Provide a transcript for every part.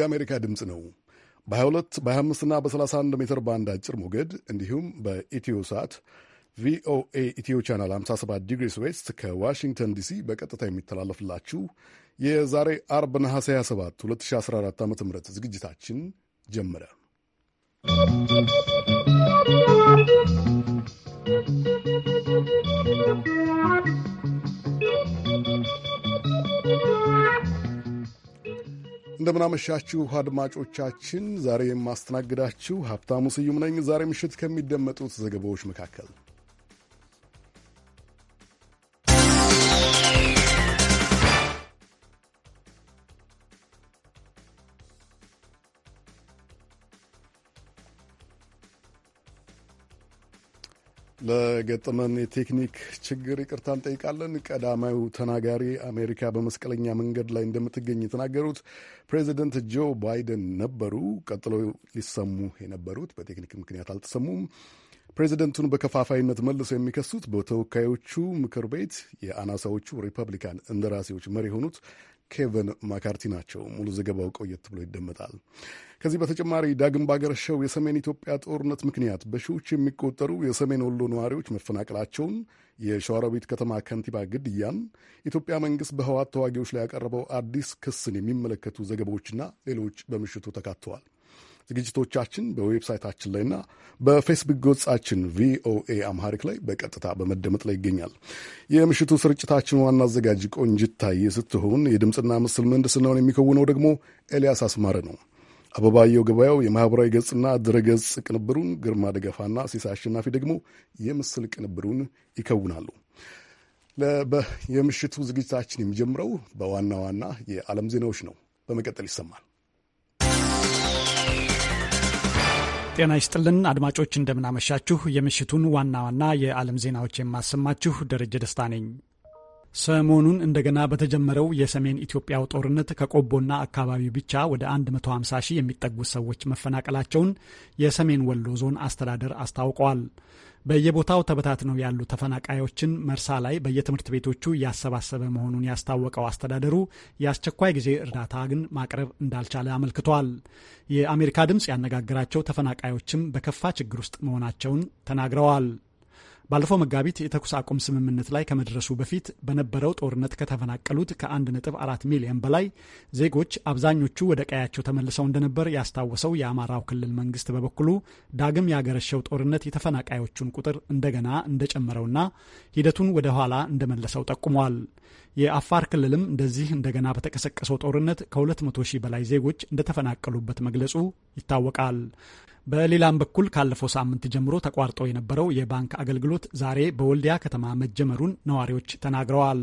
የአሜሪካ ድምፅ ነው። በ22 በ25ና በ31 ሜትር ባንድ አጭር ሞገድ እንዲሁም በኢትዮ ሰዓት ቪኦኤ ኢትዮ ቻናል 57 ዲግሪስ ዌስት ከዋሽንግተን ዲሲ በቀጥታ የሚተላለፍላችሁ የዛሬ አርብ ነሐሴ 27 2014 ዓ ም ዝግጅታችን ጀመረ። እንደምናመሻችሁ አድማጮቻችን፣ ዛሬ የማስተናግዳችሁ ሀብታሙ ስዩም ነኝ። ዛሬ ምሽት ከሚደመጡት ዘገባዎች መካከል ለገጠመን የቴክኒክ ችግር ይቅርታ እንጠይቃለን። ቀዳማዊ ተናጋሪ አሜሪካ በመስቀለኛ መንገድ ላይ እንደምትገኝ የተናገሩት ፕሬዚደንት ጆ ባይደን ነበሩ። ቀጥሎ ሊሰሙ የነበሩት በቴክኒክ ምክንያት አልተሰሙም። ፕሬዚደንቱን በከፋፋይነት መልሰው የሚከሱት በተወካዮቹ ምክር ቤት የአናሳዎቹ ሪፐብሊካን እንደራሴዎች መሪ የሆኑት ኬቨን ማካርቲ ናቸው። ሙሉ ዘገባው ቆየት ብሎ ይደመጣል። ከዚህ በተጨማሪ ዳግም ባገረሸው የሰሜን ኢትዮጵያ ጦርነት ምክንያት በሺዎች የሚቆጠሩ የሰሜን ወሎ ነዋሪዎች መፈናቀላቸውን፣ የሸዋሮቢት ከተማ ከንቲባ ግድያን፣ ኢትዮጵያ መንግሥት በህዋት ተዋጊዎች ላይ ያቀረበው አዲስ ክስን የሚመለከቱ ዘገባዎችና ሌሎች በምሽቱ ተካተዋል። ዝግጅቶቻችን በዌብሳይታችን ላይና በፌስቡክ ገጻችን ቪኦኤ አምሃሪክ ላይ በቀጥታ በመደመጥ ላይ ይገኛል። የምሽቱ ስርጭታችን ዋና አዘጋጅ ቆንጅት ስትሆን የድምፅና ምስል ምህንድስናውን የሚከውነው ደግሞ ኤልያስ አስማረ ነው። አበባየው ገበያው የማኅበራዊ ገጽና ድረገጽ ቅንብሩን፣ ግርማ ደገፋና ሲሳ አሸናፊ ደግሞ የምስል ቅንብሩን ይከውናሉ። የምሽቱ ዝግጅታችን የሚጀምረው በዋና ዋና የዓለም ዜናዎች ነው። በመቀጠል ይሰማል። ጤና ይስጥልን አድማጮች፣ እንደምናመሻችሁ። የምሽቱን ዋና ዋና የዓለም ዜናዎች የማሰማችሁ ደረጀ ደስታ ነኝ። ሰሞኑን እንደገና በተጀመረው የሰሜን ኢትዮጵያው ጦርነት ከቆቦና አካባቢው ብቻ ወደ 150 ሺህ የሚጠጉ ሰዎች መፈናቀላቸውን የሰሜን ወሎ ዞን አስተዳደር አስታውቀዋል። በየቦታው ተበታትነው ያሉ ተፈናቃዮችን መርሳ ላይ በየትምህርት ቤቶቹ እያሰባሰበ መሆኑን ያስታወቀው አስተዳደሩ የአስቸኳይ ጊዜ እርዳታ ግን ማቅረብ እንዳልቻለ አመልክቷል። የአሜሪካ ድምፅ ያነጋገራቸው ተፈናቃዮችም በከፋ ችግር ውስጥ መሆናቸውን ተናግረዋል። ባለፈው መጋቢት የተኩስ አቁም ስምምነት ላይ ከመድረሱ በፊት በነበረው ጦርነት ከተፈናቀሉት ከ1.4 ሚሊዮን በላይ ዜጎች አብዛኞቹ ወደ ቀያቸው ተመልሰው እንደነበር ያስታወሰው የአማራው ክልል መንግስት በበኩሉ ዳግም ያገረሸው ጦርነት የተፈናቃዮቹን ቁጥር እንደገና እንደጨመረውና ሂደቱን ወደ ኋላ እንደመለሰው ጠቁሟል። የአፋር ክልልም እንደዚህ እንደገና በተቀሰቀሰው ጦርነት ከ200 ሺህ በላይ ዜጎች እንደተፈናቀሉበት መግለጹ ይታወቃል። በሌላም በኩል ካለፈው ሳምንት ጀምሮ ተቋርጦ የነበረው የባንክ አገልግሎት ዛሬ በወልዲያ ከተማ መጀመሩን ነዋሪዎች ተናግረዋል።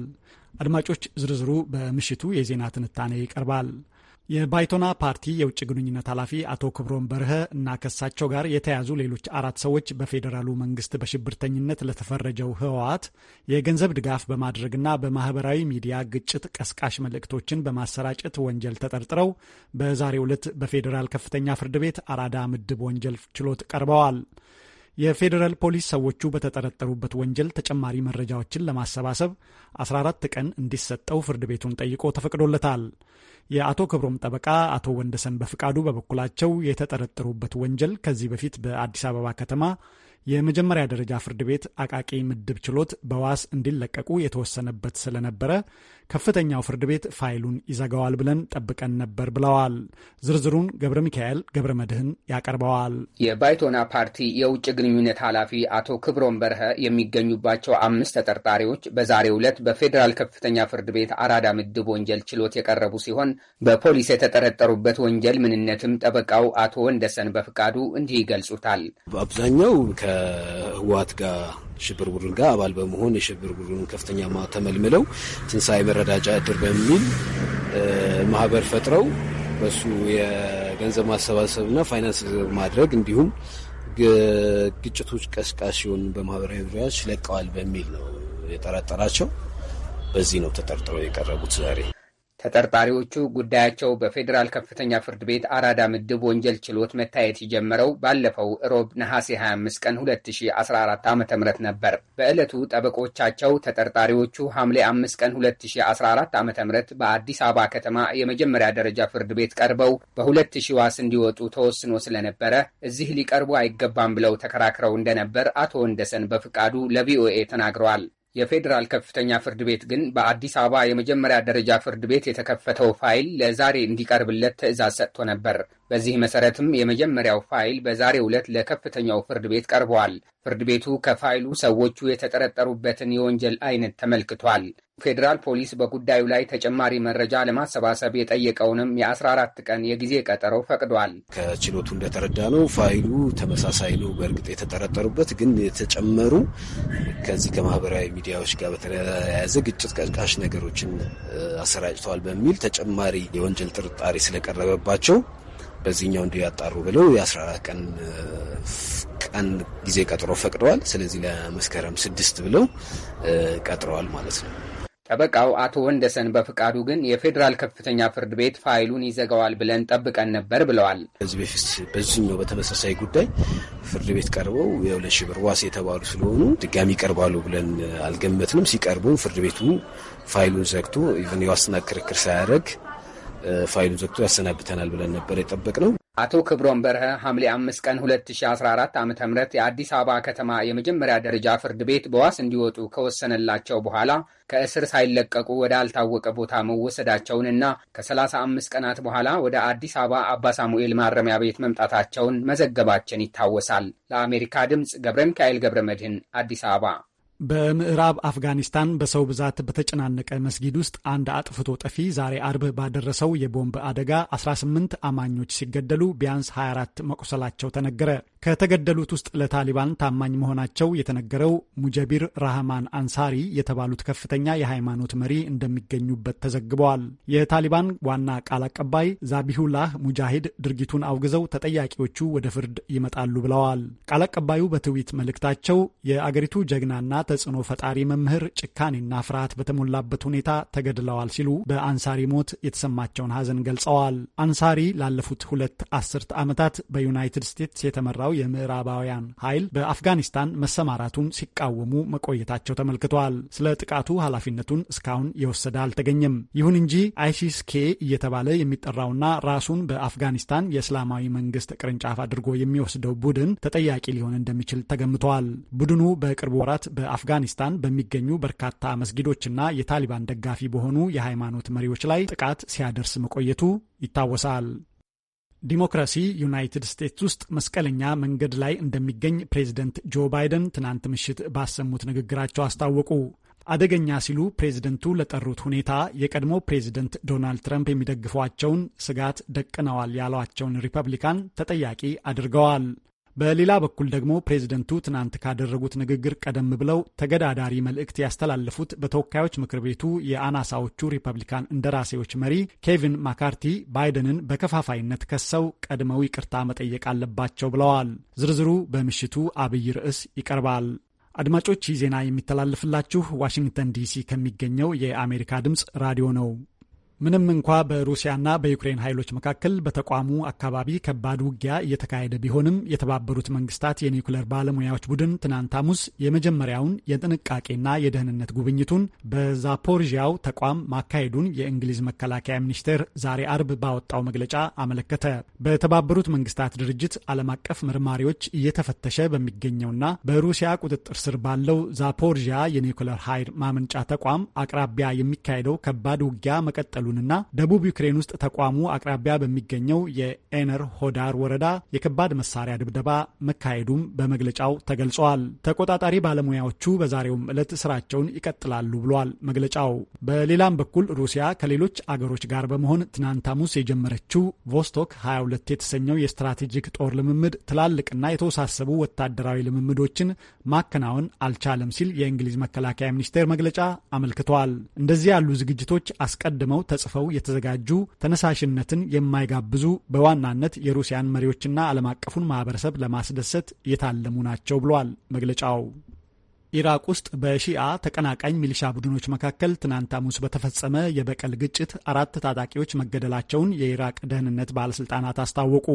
አድማጮች፣ ዝርዝሩ በምሽቱ የዜና ትንታኔ ይቀርባል። የባይቶና ፓርቲ የውጭ ግንኙነት ኃላፊ አቶ ክብሮን በርሀ እና ከሳቸው ጋር የተያዙ ሌሎች አራት ሰዎች በፌዴራሉ መንግስት በሽብርተኝነት ለተፈረጀው ህወሓት የገንዘብ ድጋፍ በማድረግና በማህበራዊ ሚዲያ ግጭት ቀስቃሽ መልእክቶችን በማሰራጨት ወንጀል ተጠርጥረው በዛሬው ዕለት በፌዴራል ከፍተኛ ፍርድ ቤት አራዳ ምድብ ወንጀል ችሎት ቀርበዋል። የፌዴራል ፖሊስ ሰዎቹ በተጠረጠሩበት ወንጀል ተጨማሪ መረጃዎችን ለማሰባሰብ 14 ቀን እንዲሰጠው ፍርድ ቤቱን ጠይቆ ተፈቅዶለታል። የአቶ ክብሮም ጠበቃ አቶ ወንደሰን በፍቃዱ በበኩላቸው የተጠረጠሩበት ወንጀል ከዚህ በፊት በአዲስ አበባ ከተማ የመጀመሪያ ደረጃ ፍርድ ቤት አቃቂ ምድብ ችሎት በዋስ እንዲለቀቁ የተወሰነበት ስለነበረ ከፍተኛው ፍርድ ቤት ፋይሉን ይዘጋዋል ብለን ጠብቀን ነበር ብለዋል። ዝርዝሩን ገብረ ሚካኤል ገብረ መድህን ያቀርበዋል። የባይቶና ፓርቲ የውጭ ግንኙነት ኃላፊ አቶ ክብሮም በርሀ የሚገኙባቸው አምስት ተጠርጣሪዎች በዛሬው ዕለት በፌዴራል ከፍተኛ ፍርድ ቤት አራዳ ምድብ ወንጀል ችሎት የቀረቡ ሲሆን በፖሊስ የተጠረጠሩበት ወንጀል ምንነትም ጠበቃው አቶ ወንደሰን በፍቃዱ እንዲህ ይገልጹታል። አብዛኛው ከህወሓት ጋር ሽብር ቡድን ጋር አባል በመሆን የሽብር ቡድኑን ከፍተኛ ተመልምለው ትንሣኤ መረዳጃ እድር በሚል ማህበር ፈጥረው በሱ የገንዘብ ማሰባሰብና ፋይናንስ ማድረግ እንዲሁም ግጭቶች ቀስቃሽ ሲሆን በማህበራዊ ዙሪያ ለቀዋል በሚል ነው የጠረጠራቸው። በዚህ ነው ተጠርጥረው የቀረቡት ዛሬ ተጠርጣሪዎቹ ጉዳያቸው በፌዴራል ከፍተኛ ፍርድ ቤት አራዳ ምድብ ወንጀል ችሎት መታየት የጀመረው ባለፈው ሮብ ነሐሴ 25 ቀን 2014 ዓ ም ነበር። በዕለቱ ጠበቆቻቸው ተጠርጣሪዎቹ ሐምሌ 5 ቀን 2014 ዓ ም በአዲስ አበባ ከተማ የመጀመሪያ ደረጃ ፍርድ ቤት ቀርበው በ 2000 ዋስ እንዲወጡ ተወስኖ ስለነበረ እዚህ ሊቀርቡ አይገባም ብለው ተከራክረው እንደነበር አቶ ወንደሰን በፍቃዱ ለቪኦኤ ተናግረዋል። የፌዴራል ከፍተኛ ፍርድ ቤት ግን በአዲስ አበባ የመጀመሪያ ደረጃ ፍርድ ቤት የተከፈተው ፋይል ለዛሬ እንዲቀርብለት ትዕዛዝ ሰጥቶ ነበር። በዚህ መሰረትም የመጀመሪያው ፋይል በዛሬው ዕለት ለከፍተኛው ፍርድ ቤት ቀርቧል። ፍርድ ቤቱ ከፋይሉ ሰዎቹ የተጠረጠሩበትን የወንጀል አይነት ተመልክቷል። ፌዴራል ፖሊስ በጉዳዩ ላይ ተጨማሪ መረጃ ለማሰባሰብ የጠየቀውንም የ14 ቀን የጊዜ ቀጠሮ ፈቅዷል። ከችሎቱ እንደተረዳ ነው ፋይሉ ተመሳሳይ ነው። በእርግጥ የተጠረጠሩበት ግን የተጨመሩ ከዚህ ከማህበራዊ ሚዲያዎች ጋር በተያያዘ ግጭት ቀስቃሽ ነገሮችን አሰራጭተዋል በሚል ተጨማሪ የወንጀል ጥርጣሬ ስለቀረበባቸው በዚህኛው እንዲ ያጣሩ ብለው የ14 ቀን ቀን ጊዜ ቀጥሮ ፈቅደዋል። ስለዚህ ለመስከረም ስድስት ብለው ቀጥረዋል ማለት ነው። ጠበቃው አቶ ወንደሰን በፍቃዱ ግን የፌዴራል ከፍተኛ ፍርድ ቤት ፋይሉን ይዘጋዋል ብለን ጠብቀን ነበር ብለዋል። ከዚህ በፊት በዚህኛው በተመሳሳይ ጉዳይ ፍርድ ቤት ቀርበው የሁለት ሺህ ብር ዋስ የተባሉ ስለሆኑ ድጋሚ ይቀርባሉ ብለን አልገመትንም። ሲቀርቡ ፍርድ ቤቱ ፋይሉን ዘግቶ የዋስትና ክርክር ሳያደርግ ፋይሉን ዘግቶ ያሰናብተናል ብለን ነበር የጠበቅነው። አቶ ክብሮም በርሀ ሐምሌ አምስት ቀን 2014 ዓ ም የአዲስ አበባ ከተማ የመጀመሪያ ደረጃ ፍርድ ቤት በዋስ እንዲወጡ ከወሰነላቸው በኋላ ከእስር ሳይለቀቁ ወደ አልታወቀ ቦታ መወሰዳቸውንና ከ35 ቀናት በኋላ ወደ አዲስ አበባ አባ ሳሙኤል ማረሚያ ቤት መምጣታቸውን መዘገባችን ይታወሳል። ለአሜሪካ ድምፅ ገብረ ሚካኤል ገብረ መድህን አዲስ አበባ በምዕራብ አፍጋኒስታን በሰው ብዛት በተጨናነቀ መስጊድ ውስጥ አንድ አጥፍቶ ጠፊ ዛሬ አርብ ባደረሰው የቦምብ አደጋ 18 አማኞች ሲገደሉ ቢያንስ 24 መቁሰላቸው ተነገረ። ከተገደሉት ውስጥ ለታሊባን ታማኝ መሆናቸው የተነገረው ሙጀቢር ራህማን አንሳሪ የተባሉት ከፍተኛ የሃይማኖት መሪ እንደሚገኙበት ተዘግበዋል። የታሊባን ዋና ቃል አቀባይ ዛቢሁላህ ሙጃሂድ ድርጊቱን አውግዘው ተጠያቂዎቹ ወደ ፍርድ ይመጣሉ ብለዋል። ቃል አቀባዩ በትዊት መልእክታቸው የአገሪቱ ጀግናና ተጽዕኖ ፈጣሪ መምህር ጭካኔና ፍርሃት በተሞላበት ሁኔታ ተገድለዋል ሲሉ በአንሳሪ ሞት የተሰማቸውን ሐዘን ገልጸዋል። አንሳሪ ላለፉት ሁለት አስርት ዓመታት በዩናይትድ ስቴትስ የተመራ የመጣው የምዕራባውያን ኃይል በአፍጋኒስታን መሰማራቱን ሲቃወሙ መቆየታቸው ተመልክቷል። ስለ ጥቃቱ ኃላፊነቱን እስካሁን የወሰደ አልተገኘም። ይሁን እንጂ አይሲስ ኬ እየተባለ የሚጠራውና ራሱን በአፍጋኒስታን የእስላማዊ መንግስት ቅርንጫፍ አድርጎ የሚወስደው ቡድን ተጠያቂ ሊሆን እንደሚችል ተገምተዋል። ቡድኑ በቅርብ ወራት በአፍጋኒስታን በሚገኙ በርካታ መስጊዶችና የታሊባን ደጋፊ በሆኑ የሃይማኖት መሪዎች ላይ ጥቃት ሲያደርስ መቆየቱ ይታወሳል። ዲሞክራሲ ዩናይትድ ስቴትስ ውስጥ መስቀለኛ መንገድ ላይ እንደሚገኝ ፕሬዝደንት ጆ ባይደን ትናንት ምሽት ባሰሙት ንግግራቸው አስታወቁ። አደገኛ ሲሉ ፕሬዝደንቱ ለጠሩት ሁኔታ የቀድሞ ፕሬዝደንት ዶናልድ ትረምፕ የሚደግፏቸውን ስጋት ደቅነዋል ያሏቸውን ሪፐብሊካን ተጠያቂ አድርገዋል። በሌላ በኩል ደግሞ ፕሬዝደንቱ ትናንት ካደረጉት ንግግር ቀደም ብለው ተገዳዳሪ መልእክት ያስተላለፉት በተወካዮች ምክር ቤቱ የአናሳዎቹ ሪፐብሊካን እንደራሴዎች መሪ ኬቪን ማካርቲ ባይደንን በከፋፋይነት ከሰው ቀድመው ይቅርታ መጠየቅ አለባቸው ብለዋል። ዝርዝሩ በምሽቱ አብይ ርዕስ ይቀርባል። አድማጮች ይህ ዜና የሚተላለፍላችሁ ዋሽንግተን ዲሲ ከሚገኘው የአሜሪካ ድምፅ ራዲዮ ነው። ምንም እንኳ በሩሲያና በዩክሬን ኃይሎች መካከል በተቋሙ አካባቢ ከባድ ውጊያ እየተካሄደ ቢሆንም የተባበሩት መንግስታት የኒኩለር ባለሙያዎች ቡድን ትናንት ሐሙስ የመጀመሪያውን የጥንቃቄና የደህንነት ጉብኝቱን በዛፖርዥያው ተቋም ማካሄዱን የእንግሊዝ መከላከያ ሚኒስቴር ዛሬ አርብ ባወጣው መግለጫ አመለከተ። በተባበሩት መንግስታት ድርጅት ዓለም አቀፍ መርማሪዎች እየተፈተሸ በሚገኘውና በሩሲያ ቁጥጥር ስር ባለው ዛፖርዣ የኒውክሌር ኃይል ማመንጫ ተቋም አቅራቢያ የሚካሄደው ከባድ ውጊያ መቀጠሉ መገደሉንና ደቡብ ዩክሬን ውስጥ ተቋሙ አቅራቢያ በሚገኘው የኤነር ሆዳር ወረዳ የከባድ መሳሪያ ድብደባ መካሄዱም በመግለጫው ተገልጸዋል። ተቆጣጣሪ ባለሙያዎቹ በዛሬውም ዕለት ስራቸውን ይቀጥላሉ ብሏል መግለጫው። በሌላም በኩል ሩሲያ ከሌሎች አገሮች ጋር በመሆን ትናንት ሐሙስ የጀመረችው ቮስቶክ 22 የተሰኘው የስትራቴጂክ ጦር ልምምድ ትላልቅና የተወሳሰቡ ወታደራዊ ልምምዶችን ማከናወን አልቻለም ሲል የእንግሊዝ መከላከያ ሚኒስቴር መግለጫ አመልክቷል። እንደዚህ ያሉ ዝግጅቶች አስቀድመው ተጽፈው የተዘጋጁ ተነሳሽነትን የማይጋብዙ በዋናነት የሩሲያን መሪዎችና ዓለም አቀፉን ማህበረሰብ ለማስደሰት የታለሙ ናቸው ብለዋል መግለጫው። ኢራቅ ውስጥ በሺአ ተቀናቃኝ ሚሊሻ ቡድኖች መካከል ትናንት ሐሙስ በተፈጸመ የበቀል ግጭት አራት ታጣቂዎች መገደላቸውን የኢራቅ ደህንነት ባለስልጣናት አስታወቁ።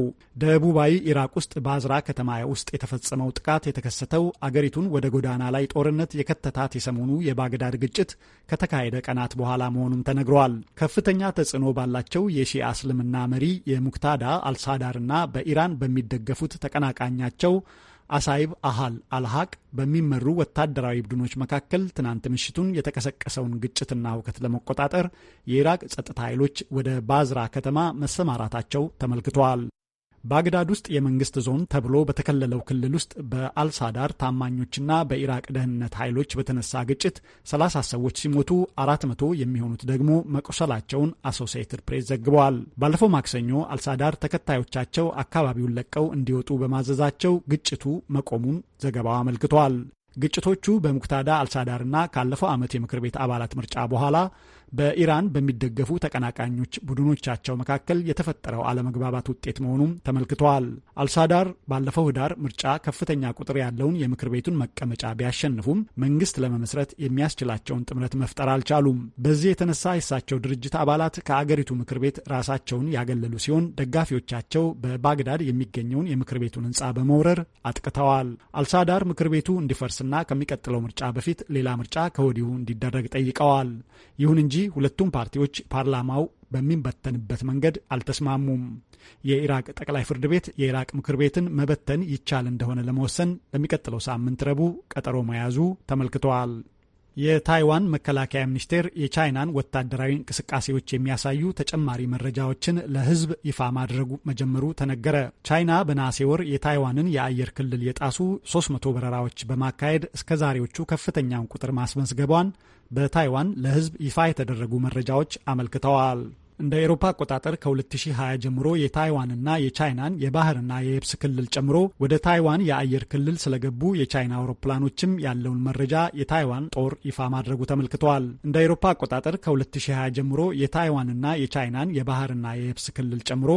ደቡባዊ ኢራቅ ውስጥ በአዝራ ከተማ ውስጥ የተፈጸመው ጥቃት የተከሰተው አገሪቱን ወደ ጎዳና ላይ ጦርነት የከተታት የሰሞኑ የባግዳድ ግጭት ከተካሄደ ቀናት በኋላ መሆኑም ተነግረዋል። ከፍተኛ ተጽዕኖ ባላቸው የሺአ እስልምና መሪ የሙክታዳ አልሳዳርና በኢራን በሚደገፉት ተቀናቃኛቸው አሳይብ አሃል አልሐቅ በሚመሩ ወታደራዊ ቡድኖች መካከል ትናንት ምሽቱን የተቀሰቀሰውን ግጭትና እውከት ለመቆጣጠር የኢራቅ ጸጥታ ኃይሎች ወደ ባዝራ ከተማ መሰማራታቸው ተመልክተዋል። ባግዳድ ውስጥ የመንግስት ዞን ተብሎ በተከለለው ክልል ውስጥ በአልሳዳር ታማኞችና በኢራቅ ደህንነት ኃይሎች በተነሳ ግጭት 30 ሰዎች ሲሞቱ 400 የሚሆኑት ደግሞ መቁሰላቸውን አሶሲኤትድ ፕሬስ ዘግበዋል። ባለፈው ማክሰኞ አልሳዳር ተከታዮቻቸው አካባቢውን ለቀው እንዲወጡ በማዘዛቸው ግጭቱ መቆሙን ዘገባው አመልክቷል። ግጭቶቹ በሙክታዳ አልሳዳርና ካለፈው ዓመት የምክር ቤት አባላት ምርጫ በኋላ በኢራን በሚደገፉ ተቀናቃኞች ቡድኖቻቸው መካከል የተፈጠረው አለመግባባት ውጤት መሆኑም ተመልክተዋል። አልሳዳር ባለፈው ህዳር ምርጫ ከፍተኛ ቁጥር ያለውን የምክር ቤቱን መቀመጫ ቢያሸንፉም መንግስት ለመመስረት የሚያስችላቸውን ጥምረት መፍጠር አልቻሉም። በዚህ የተነሳ የሳቸው ድርጅት አባላት ከአገሪቱ ምክር ቤት ራሳቸውን ያገለሉ ሲሆን ደጋፊዎቻቸው በባግዳድ የሚገኘውን የምክር ቤቱን ህንፃ በመውረር አጥቅተዋል። አልሳዳር ምክር ቤቱ እንዲፈርስና ከሚቀጥለው ምርጫ በፊት ሌላ ምርጫ ከወዲሁ እንዲደረግ ጠይቀዋል። ይሁን እንጂ ሁለቱም ፓርቲዎች ፓርላማው በሚበተንበት መንገድ አልተስማሙም። የኢራቅ ጠቅላይ ፍርድ ቤት የኢራቅ ምክር ቤትን መበተን ይቻል እንደሆነ ለመወሰን ለሚቀጥለው ሳምንት ረቡዕ ቀጠሮ መያዙ ተመልክተዋል። የታይዋን መከላከያ ሚኒስቴር የቻይናን ወታደራዊ እንቅስቃሴዎች የሚያሳዩ ተጨማሪ መረጃዎችን ለሕዝብ ይፋ ማድረጉ መጀመሩ ተነገረ። ቻይና በነሐሴ ወር የታይዋንን የአየር ክልል የጣሱ 300 በረራዎች በማካሄድ እስከ ዛሬዎቹ ከፍተኛውን ቁጥር ማስመዝገቧን በታይዋን ለሕዝብ ይፋ የተደረጉ መረጃዎች አመልክተዋል። እንደ ኤሮፓ አቆጣጠር ከ2020 ጀምሮ የታይዋንና የቻይናን የባህርና የየብስ ክልል ጨምሮ ወደ ታይዋን የአየር ክልል ስለገቡ የቻይና አውሮፕላኖችም ያለውን መረጃ የታይዋን ጦር ይፋ ማድረጉ ተመልክተዋል። እንደ ኤሮፓ አቆጣጠር ከ2020 ጀምሮ የታይዋንና የቻይናን የባህርና የየብስ ክልል ጨምሮ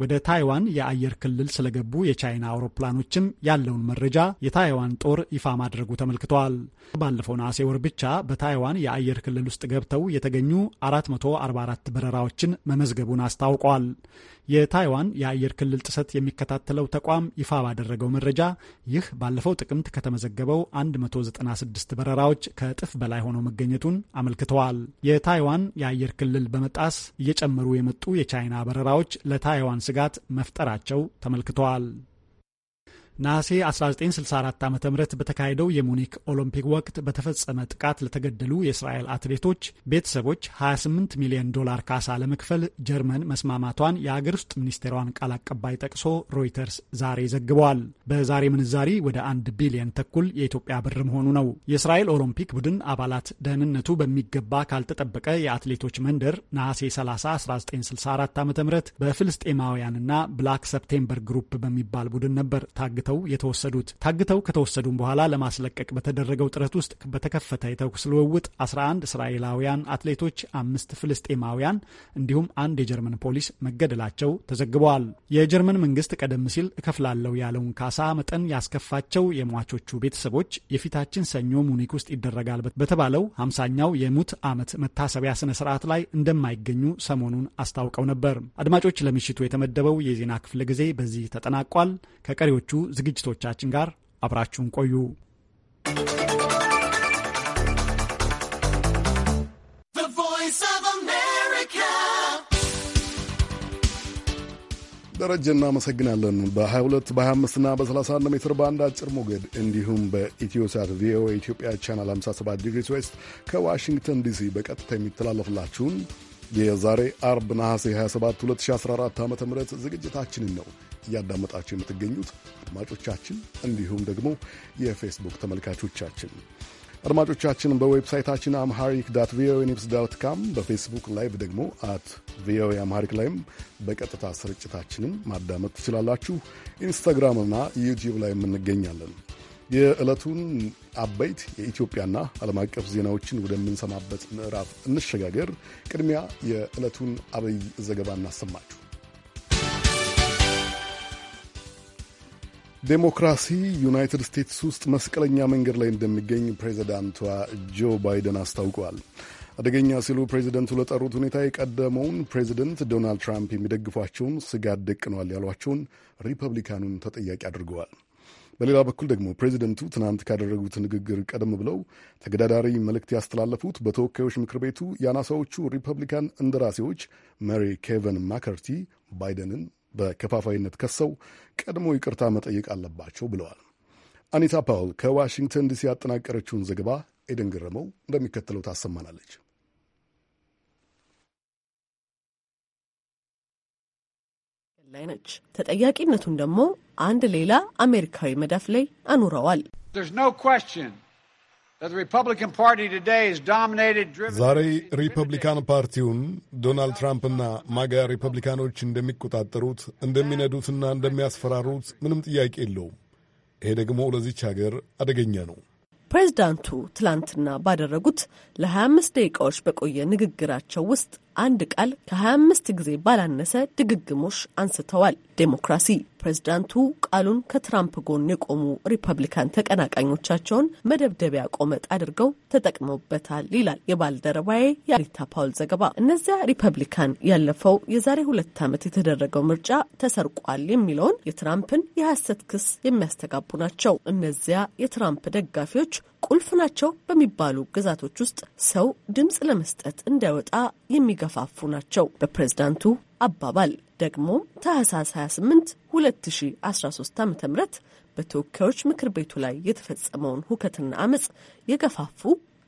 ወደ ታይዋን የአየር ክልል ስለገቡ የቻይና አውሮፕላኖችም ያለውን መረጃ የታይዋን ጦር ይፋ ማድረጉ ተመልክተዋል። ባለፈው ነሐሴ ወር ብቻ በታይዋን የአየር ክልል ውስጥ ገብተው የተገኙ 444 በረራዎችን መመዝገቡን አስታውቋል። የታይዋን የአየር ክልል ጥሰት የሚከታተለው ተቋም ይፋ ባደረገው መረጃ ይህ ባለፈው ጥቅምት ከተመዘገበው 196 በረራዎች ከእጥፍ በላይ ሆኖ መገኘቱን አመልክተዋል። የታይዋን የአየር ክልል በመጣስ እየጨመሩ የመጡ የቻይና በረራዎች ለታይዋን ስጋት መፍጠራቸው ተመልክተዋል። ነሐሴ 1964 ዓ ም በተካሄደው የሙኒክ ኦሎምፒክ ወቅት በተፈጸመ ጥቃት ለተገደሉ የእስራኤል አትሌቶች ቤተሰቦች 28 ሚሊዮን ዶላር ካሳ ለመክፈል ጀርመን መስማማቷን የአገር ውስጥ ሚኒስቴሯን ቃል አቀባይ ጠቅሶ ሮይተርስ ዛሬ ዘግበዋል። በዛሬ ምንዛሪ ወደ አንድ ቢሊዮን ተኩል የኢትዮጵያ ብር መሆኑ ነው። የእስራኤል ኦሎምፒክ ቡድን አባላት ደህንነቱ በሚገባ ካልተጠበቀ የአትሌቶች መንደር ነሐሴ 30 1964 ዓ ም በፍልስጤማውያንና ብላክ ሰፕቴምበር ግሩፕ በሚባል ቡድን ነበር ታግ ታግተው የተወሰዱት። ታግተው ከተወሰዱም በኋላ ለማስለቀቅ በተደረገው ጥረት ውስጥ በተከፈተ የተኩስ ልውውጥ 11 እስራኤላውያን አትሌቶች፣ አምስት ፍልስጤማውያን እንዲሁም አንድ የጀርመን ፖሊስ መገደላቸው ተዘግበዋል። የጀርመን መንግስት ቀደም ሲል እከፍላለሁ ያለውን ካሳ መጠን ያስከፋቸው የሟቾቹ ቤተሰቦች የፊታችን ሰኞ ሙኒክ ውስጥ ይደረጋል በተባለው ሃምሳኛው የሙት ዓመት መታሰቢያ ስነ ስርዓት ላይ እንደማይገኙ ሰሞኑን አስታውቀው ነበር። አድማጮች፣ ለምሽቱ የተመደበው የዜና ክፍለ ጊዜ በዚህ ተጠናቋል። ከቀሪዎቹ ዝግጅቶቻችን ጋር አብራችሁን ቆዩ። ደረጀ እናመሰግናለን። በ22 በ25ና በ31 ሜትር ባንድ አጭር ሞገድ እንዲሁም በኢትዮሳት ቪኦኤ ኢትዮጵያ ቻናል 57 ዲግሪ ዌስት ከዋሽንግተን ዲሲ በቀጥታ የሚተላለፍላችሁን የዛሬ አርብ ነሐሴ 27 2014 ዓ ም ዝግጅታችንን ነው እያዳመጣችሁ የምትገኙት አድማጮቻችን፣ እንዲሁም ደግሞ የፌስቡክ ተመልካቾቻችን አድማጮቻችን በዌብሳይታችን አምሃሪክ ዳት ቪኦኤ ኒውስ ዳት ካም በፌስቡክ ላይቭ ደግሞ አት ቪኦኤ አምሃሪክ ላይም በቀጥታ ስርጭታችንን ማዳመጥ ትችላላችሁ። ኢንስታግራምና ዩቲዩብ ላይ እንገኛለን። የዕለቱን አበይት የኢትዮጵያና ዓለም አቀፍ ዜናዎችን ወደምንሰማበት ምዕራፍ እንሸጋገር። ቅድሚያ የዕለቱን አብይ ዘገባ እናሰማችሁ። ዴሞክራሲ ዩናይትድ ስቴትስ ውስጥ መስቀለኛ መንገድ ላይ እንደሚገኝ ፕሬዚዳንቷ ጆ ባይደን አስታውቀዋል። አደገኛ ሲሉ ፕሬዚደንቱ ለጠሩት ሁኔታ የቀደመውን ፕሬዚደንት ዶናልድ ትራምፕ የሚደግፏቸውን ስጋት ደቅነዋል ያሏቸውን ሪፐብሊካኑን ተጠያቂ አድርገዋል። በሌላ በኩል ደግሞ ፕሬዚደንቱ ትናንት ካደረጉት ንግግር ቀደም ብለው ተገዳዳሪ መልእክት ያስተላለፉት በተወካዮች ምክር ቤቱ የአናሳዎቹ ሪፐብሊካን እንደራሴዎች መሪ ኬቨን ማከርቲ ባይደንን በከፋፋይነት ከሰው ቀድሞ ይቅርታ መጠየቅ አለባቸው ብለዋል። አኒታ ፓውል ከዋሽንግተን ዲሲ ያጠናቀረችውን ዘገባ ኤደን ገረመው እንደሚከተለው ታሰማናለች። ላይ ነች። ተጠያቂነቱን ደግሞ አንድ ሌላ አሜሪካዊ መዳፍ ላይ አኑረዋል። ዛሬ ሪፐብሊካን ፓርቲውን ዶናልድ ትራምፕና ማጋ ሪፐብሊካኖች እንደሚቆጣጠሩት እንደሚነዱትና እንደሚያስፈራሩት ምንም ጥያቄ የለውም። ይሄ ደግሞ ለዚች ሀገር አደገኛ ነው። ፕሬዚዳንቱ ትላንትና ባደረጉት ለ25 ደቂቃዎች በቆየ ንግግራቸው ውስጥ አንድ ቃል ከ25 ጊዜ ባላነሰ ድግግሞሽ አንስተዋል። ዴሞክራሲ ፕሬዝዳንቱ ቃሉን ከትራምፕ ጎን የቆሙ ሪፐብሊካን ተቀናቃኞቻቸውን መደብደቢያ ቆመጥ አድርገው ተጠቅመውበታል ይላል የባልደረባዬ የአሪታ ፓውል ዘገባ። እነዚያ ሪፐብሊካን ያለፈው የዛሬ ሁለት ዓመት የተደረገው ምርጫ ተሰርቋል የሚለውን የትራምፕን የሐሰት ክስ የሚያስተጋቡ ናቸው። እነዚያ የትራምፕ ደጋፊዎች ቁልፍ ናቸው በሚባሉ ግዛቶች ውስጥ ሰው ድምፅ ለመስጠት እንዳይወጣ የሚገፋፉ ናቸው በፕሬዝዳንቱ አባባል። ደግሞ ታህሳስ 28 2013 ዓ ም በተወካዮች ምክር ቤቱ ላይ የተፈጸመውን ሁከትና አመፅ የገፋፉ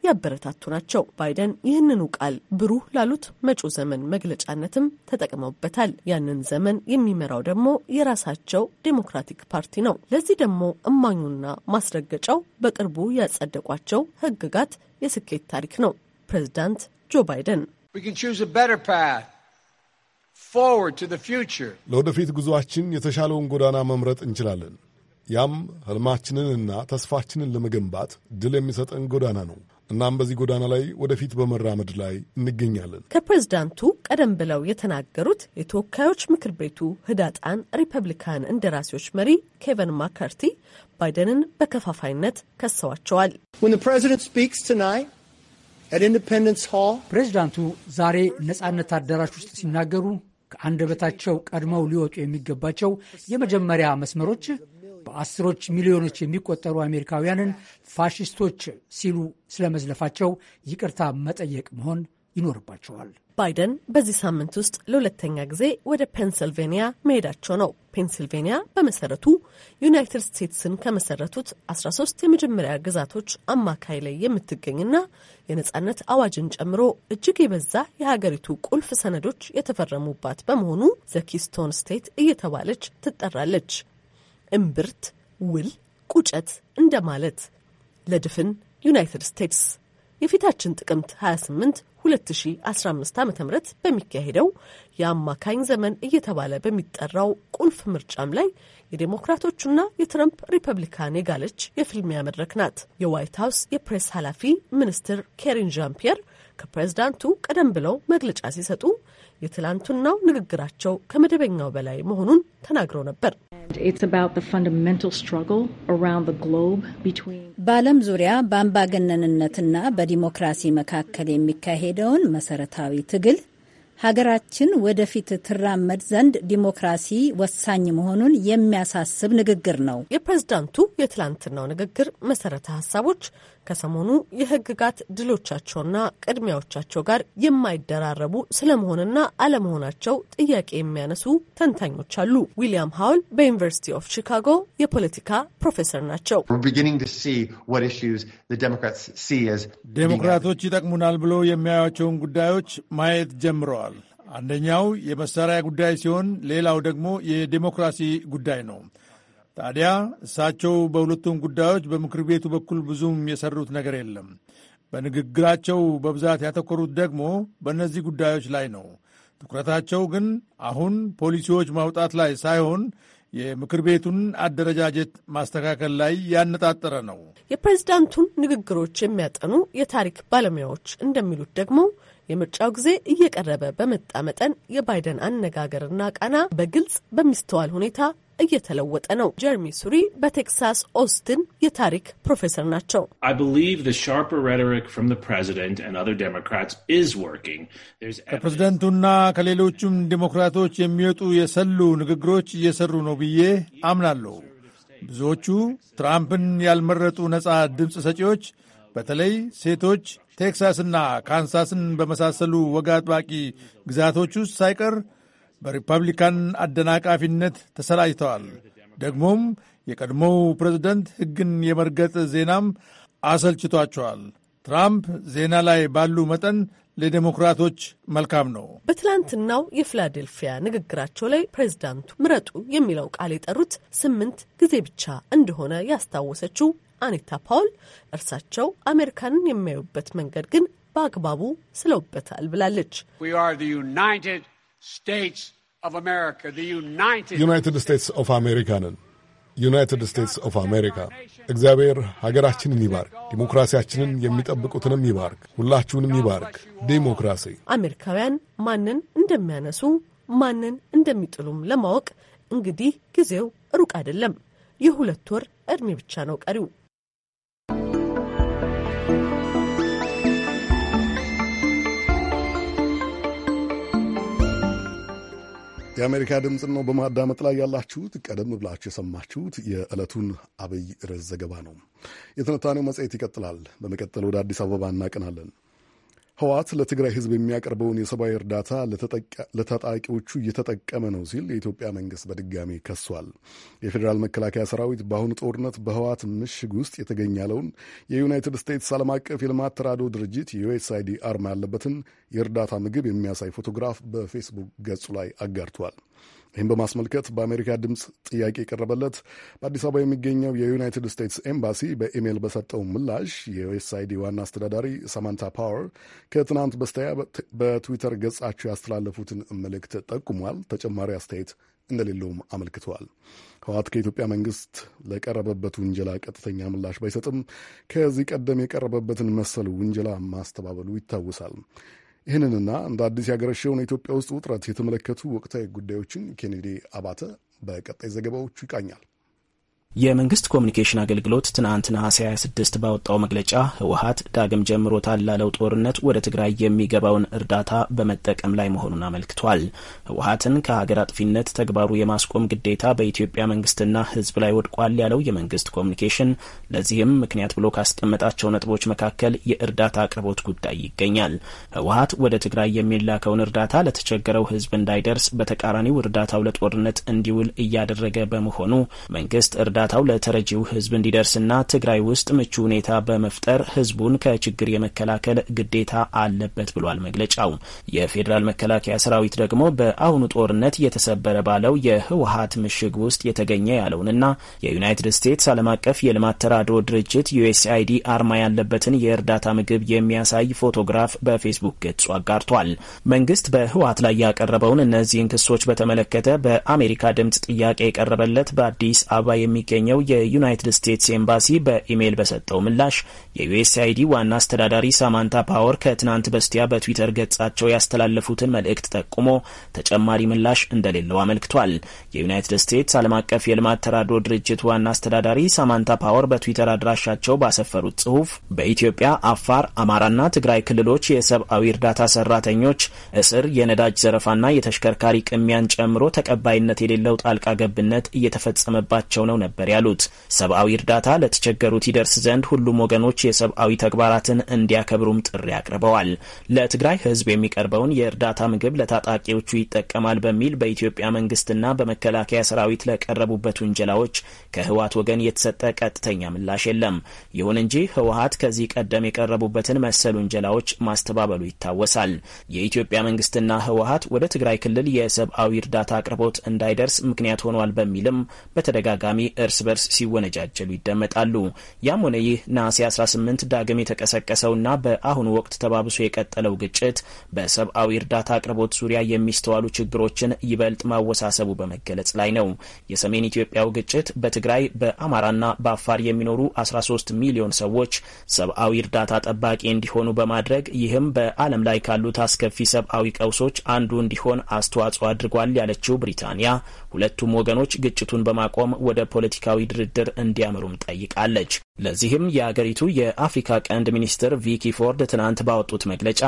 ያበረታቱ ናቸው። ባይደን ይህንኑ ቃል ብሩህ ላሉት መጪው ዘመን መግለጫነትም ተጠቅመውበታል። ያንን ዘመን የሚመራው ደግሞ የራሳቸው ዴሞክራቲክ ፓርቲ ነው። ለዚህ ደግሞ እማኙና ማስረገጫው በቅርቡ ያጸደቋቸው ሕግጋት የስኬት ታሪክ ነው። ፕሬዚዳንት ጆ ባይደን ለወደፊት ጉዞአችን የተሻለውን ጎዳና መምረጥ እንችላለን። ያም ህልማችንንና ተስፋችንን ለመገንባት ድል የሚሰጠን ጎዳና ነው። እናም በዚህ ጎዳና ላይ ወደፊት በመራመድ ላይ እንገኛለን። ከፕሬዝዳንቱ ቀደም ብለው የተናገሩት የተወካዮች ምክር ቤቱ ህዳጣን ሪፐብሊካን እንደራሴዎች መሪ ኬቨን ማካርቲ ባይደንን በከፋፋይነት ከሰዋቸዋል። ፕሬዝዳንቱ ዛሬ ነጻነት አዳራሽ ውስጥ ሲናገሩ ከአንደበታቸው ቀድመው ሊወጡ የሚገባቸው የመጀመሪያ መስመሮች በአስሮች ሚሊዮኖች የሚቆጠሩ አሜሪካውያንን ፋሽስቶች ሲሉ ስለመዝለፋቸው ይቅርታ መጠየቅ መሆን ይኖርባቸዋል። ባይደን በዚህ ሳምንት ውስጥ ለሁለተኛ ጊዜ ወደ ፔንስልቬንያ መሄዳቸው ነው። ፔንስልቬንያ በመሰረቱ ዩናይትድ ስቴትስን ከመሰረቱት 13 የመጀመሪያ ግዛቶች አማካይ ላይ የምትገኝና የነጻነት አዋጅን ጨምሮ እጅግ የበዛ የሀገሪቱ ቁልፍ ሰነዶች የተፈረሙባት በመሆኑ ዘኪስቶን ስቴት እየተባለች ትጠራለች። እምብርት፣ ውል፣ ቁጨት እንደማለት ለድፍን ዩናይትድ ስቴትስ የፊታችን ጥቅምት 28 2015 ዓ ም በሚካሄደው የአማካኝ ዘመን እየተባለ በሚጠራው ቁልፍ ምርጫም ላይ የዴሞክራቶቹና የትረምፕ ሪፐብሊካን የጋለች የፍልሚያ መድረክ ናት። የዋይት ሀውስ የፕሬስ ኃላፊ ሚኒስትር ኬሪን ዣምፒየር ከፕሬዝዳንቱ ቀደም ብለው መግለጫ ሲሰጡ የትላንቱናው ንግግራቸው ከመደበኛው በላይ መሆኑን ተናግረው ነበር። በዓለም ዙሪያ በአምባገነንነትና በዲሞክራሲ መካከል የሚካሄደውን መሰረታዊ ትግል ሀገራችን ወደፊት ትራመድ ዘንድ ዲሞክራሲ ወሳኝ መሆኑን የሚያሳስብ ንግግር ነው። የፕሬዝዳንቱ የትላንትናው ንግግር መሰረተ ሀሳቦች ከሰሞኑ የህግጋት ድሎቻቸውና ቅድሚያዎቻቸው ጋር የማይደራረቡ ስለመሆንና አለመሆናቸው ጥያቄ የሚያነሱ ተንታኞች አሉ። ዊሊያም ሃውል በዩኒቨርሲቲ ኦፍ ቺካጎ የፖለቲካ ፕሮፌሰር ናቸው። ዴሞክራቶች ይጠቅሙናል ብሎ የሚያዩቸውን ጉዳዮች ማየት ጀምረዋል። አንደኛው የመሳሪያ ጉዳይ ሲሆን፣ ሌላው ደግሞ የዴሞክራሲ ጉዳይ ነው። ታዲያ እሳቸው በሁለቱም ጉዳዮች በምክር ቤቱ በኩል ብዙም የሰሩት ነገር የለም። በንግግራቸው በብዛት ያተኮሩት ደግሞ በእነዚህ ጉዳዮች ላይ ነው። ትኩረታቸው ግን አሁን ፖሊሲዎች ማውጣት ላይ ሳይሆን የምክር ቤቱን አደረጃጀት ማስተካከል ላይ ያነጣጠረ ነው። የፕሬዝዳንቱን ንግግሮች የሚያጠኑ የታሪክ ባለሙያዎች እንደሚሉት ደግሞ የምርጫው ጊዜ እየቀረበ በመጣ መጠን የባይደን አነጋገርና ቃና በግልጽ በሚስተዋል ሁኔታ እየተለወጠ ነው። ጀርሚ ሱሪ በቴክሳስ ኦስትን የታሪክ ፕሮፌሰር ናቸው። ከፕሬዝደንቱና ከሌሎቹም ዲሞክራቶች የሚወጡ የሰሉ ንግግሮች እየሰሩ ነው ብዬ አምናለሁ። ብዙዎቹ ትራምፕን ያልመረጡ ነፃ ድምፅ ሰጪዎች፣ በተለይ ሴቶች ቴክሳስና ካንሳስን በመሳሰሉ ወግ አጥባቂ ግዛቶች ውስጥ ሳይቀር በሪፐብሊካን አደናቃፊነት ተሰላጅተዋል። ደግሞም የቀድሞው ፕሬዝደንት ሕግን የመርገጥ ዜናም አሰልችቷቸዋል። ትራምፕ ዜና ላይ ባሉ መጠን ለዴሞክራቶች መልካም ነው። በትላንትናው የፊላዴልፊያ ንግግራቸው ላይ ፕሬዚዳንቱ ምረጡ የሚለው ቃል የጠሩት ስምንት ጊዜ ብቻ እንደሆነ ያስታወሰችው አኒታ ፓውል እርሳቸው አሜሪካንን የሚያዩበት መንገድ ግን በአግባቡ ስለውበታል ብላለች። ዩናይትድ ስቴትስ ኦፍ አሜሪካ ነን ዩናይትድ ስቴትስ ኦፍ አሜሪካ እግዚአብሔር ሀገራችንን ይባርክ፣ ዲሞክራሲያችንን የሚጠብቁትንም ይባርክ፣ ሁላችሁንም ይባርክ። ዲሞክራሲ አሜሪካውያን ማንን እንደሚያነሱ ማንን እንደሚጥሉም ለማወቅ እንግዲህ ጊዜው ሩቅ አይደለም። የሁለት ወር ዕድሜ ብቻ ነው ቀሪው። የአሜሪካ ድምፅ ነው በማዳመጥ ላይ ያላችሁት። ቀደም ብላችሁ የሰማችሁት የዕለቱን አብይ ርዕስ ዘገባ ነው። የትንታኔው መጽሔት ይቀጥላል። በመቀጠል ወደ አዲስ አበባ እናቀናለን። ህወሓት ለትግራይ ህዝብ የሚያቀርበውን የሰብአዊ እርዳታ ለታጣቂዎቹ እየተጠቀመ ነው ሲል የኢትዮጵያ መንግስት በድጋሚ ከሷል። የፌዴራል መከላከያ ሰራዊት በአሁኑ ጦርነት በህወሓት ምሽግ ውስጥ የተገኘ ያለውን የዩናይትድ ስቴትስ ዓለም አቀፍ የልማት ተራድኦ ድርጅት የዩኤስአይዲ አርማ ያለበትን የእርዳታ ምግብ የሚያሳይ ፎቶግራፍ በፌስቡክ ገጹ ላይ አጋርቷል። ይህን በማስመልከት በአሜሪካ ድምፅ ጥያቄ የቀረበለት በአዲስ አበባ የሚገኘው የዩናይትድ ስቴትስ ኤምባሲ በኢሜይል በሰጠው ምላሽ የዩኤስአይዲ ዋና አስተዳዳሪ ሳማንታ ፓወር ከትናንት በስተያ በትዊተር ገጻቸው ያስተላለፉትን መልእክት ጠቁሟል። ተጨማሪ አስተያየት እንደሌለውም አመልክተዋል። ህወሓት ከኢትዮጵያ መንግስት ለቀረበበት ውንጀላ ቀጥተኛ ምላሽ ባይሰጥም ከዚህ ቀደም የቀረበበትን መሰል ውንጀላ ማስተባበሉ ይታወሳል። ይህንንና እንደ አዲስ ያገረሸውን ኢትዮጵያ ውስጥ ውጥረት የተመለከቱ ወቅታዊ ጉዳዮችን ኬኔዲ አባተ በቀጣይ ዘገባዎቹ ይቃኛል። የመንግስት ኮሚኒኬሽን አገልግሎት ትናንት ነሐሴ 26 ባወጣው መግለጫ ህወሀት ዳግም ጀምሮታል ላለው ጦርነት ወደ ትግራይ የሚገባውን እርዳታ በመጠቀም ላይ መሆኑን አመልክቷል። ህወሀትን ከሀገር አጥፊነት ተግባሩ የማስቆም ግዴታ በኢትዮጵያ መንግስትና ህዝብ ላይ ወድቋል ያለው የመንግስት ኮሚኒኬሽን ለዚህም ምክንያት ብሎ ካስቀመጣቸው ነጥቦች መካከል የእርዳታ አቅርቦት ጉዳይ ይገኛል። ህወሀት ወደ ትግራይ የሚላከውን እርዳታ ለተቸገረው ህዝብ እንዳይደርስ በተቃራኒው እርዳታው ለጦርነት እንዲውል እያደረገ በመሆኑ መንግስት እርዳታው ለተረጂው ህዝብ እንዲደርስና ትግራይ ውስጥ ምቹ ሁኔታ በመፍጠር ህዝቡን ከችግር የመከላከል ግዴታ አለበት ብሏል መግለጫው። የፌዴራል መከላከያ ሰራዊት ደግሞ በአሁኑ ጦርነት እየተሰበረ ባለው የህወሀት ምሽግ ውስጥ የተገኘ ያለውንና የዩናይትድ ስቴትስ ዓለም አቀፍ የልማት ተራድኦ ድርጅት ዩኤስአይዲ አርማ ያለበትን የእርዳታ ምግብ የሚያሳይ ፎቶግራፍ በፌስቡክ ገጹ አጋርቷል። መንግስት በህወሀት ላይ ያቀረበውን እነዚህን ክሶች በተመለከተ በአሜሪካ ድምጽ ጥያቄ የቀረበለት በአዲስ አበባ የሚገ የሚገኘው የዩናይትድ ስቴትስ ኤምባሲ በኢሜይል በሰጠው ምላሽ የዩኤስአይዲ ዋና አስተዳዳሪ ሳማንታ ፓወር ከትናንት በስቲያ በትዊተር ገጻቸው ያስተላለፉትን መልእክት ጠቁሞ ተጨማሪ ምላሽ እንደሌለው አመልክቷል። የዩናይትድ ስቴትስ ዓለም አቀፍ የልማት ተራድኦ ድርጅት ዋና አስተዳዳሪ ሳማንታ ፓወር በትዊተር አድራሻቸው ባሰፈሩት ጽሁፍ በኢትዮጵያ አፋር፣ አማራና ትግራይ ክልሎች የሰብአዊ እርዳታ ሰራተኞች እስር፣ የነዳጅ ዘረፋና የተሽከርካሪ ቅሚያን ጨምሮ ተቀባይነት የሌለው ጣልቃ ገብነት እየተፈጸመባቸው ነው ነበር ነበር ያሉት። ሰብአዊ እርዳታ ለተቸገሩት ይደርስ ዘንድ ሁሉም ወገኖች የሰብአዊ ተግባራትን እንዲያከብሩም ጥሪ አቅርበዋል። ለትግራይ ህዝብ የሚቀርበውን የእርዳታ ምግብ ለታጣቂዎቹ ይጠቀማል በሚል በኢትዮጵያ መንግስትና በመከላከያ ሰራዊት ለቀረቡበት ውንጀላዎች ከህወሓት ወገን የተሰጠ ቀጥተኛ ምላሽ የለም። ይሁን እንጂ ህወሀት ከዚህ ቀደም የቀረቡበትን መሰል ውንጀላዎች ማስተባበሉ ይታወሳል። የኢትዮጵያ መንግስትና ህወሀት ወደ ትግራይ ክልል የሰብአዊ እርዳታ አቅርቦት እንዳይደርስ ምክንያት ሆኗል በሚልም በተደጋጋሚ እርስ በርስ ሲወነጃጀሉ ይደመጣሉ። ያም ሆነ ይህ ነሐሴ 18 ዳግም የተቀሰቀሰውና በአሁኑ ወቅት ተባብሶ የቀጠለው ግጭት በሰብአዊ እርዳታ አቅርቦት ዙሪያ የሚስተዋሉ ችግሮችን ይበልጥ ማወሳሰቡ በመገለጽ ላይ ነው። የሰሜን ኢትዮጵያው ግጭት በትግ በትግራይ በአማራና በአፋር የሚኖሩ 13 ሚሊዮን ሰዎች ሰብአዊ እርዳታ ጠባቂ እንዲሆኑ በማድረግ ይህም በዓለም ላይ ካሉት አስከፊ ሰብአዊ ቀውሶች አንዱ እንዲሆን አስተዋጽኦ አድርጓል ያለችው ብሪታንያ ሁለቱም ወገኖች ግጭቱን በማቆም ወደ ፖለቲካዊ ድርድር እንዲያምሩም ጠይቃለች። ለዚህም የአገሪቱ የአፍሪካ ቀንድ ሚኒስትር ቪኪ ፎርድ ትናንት ባወጡት መግለጫ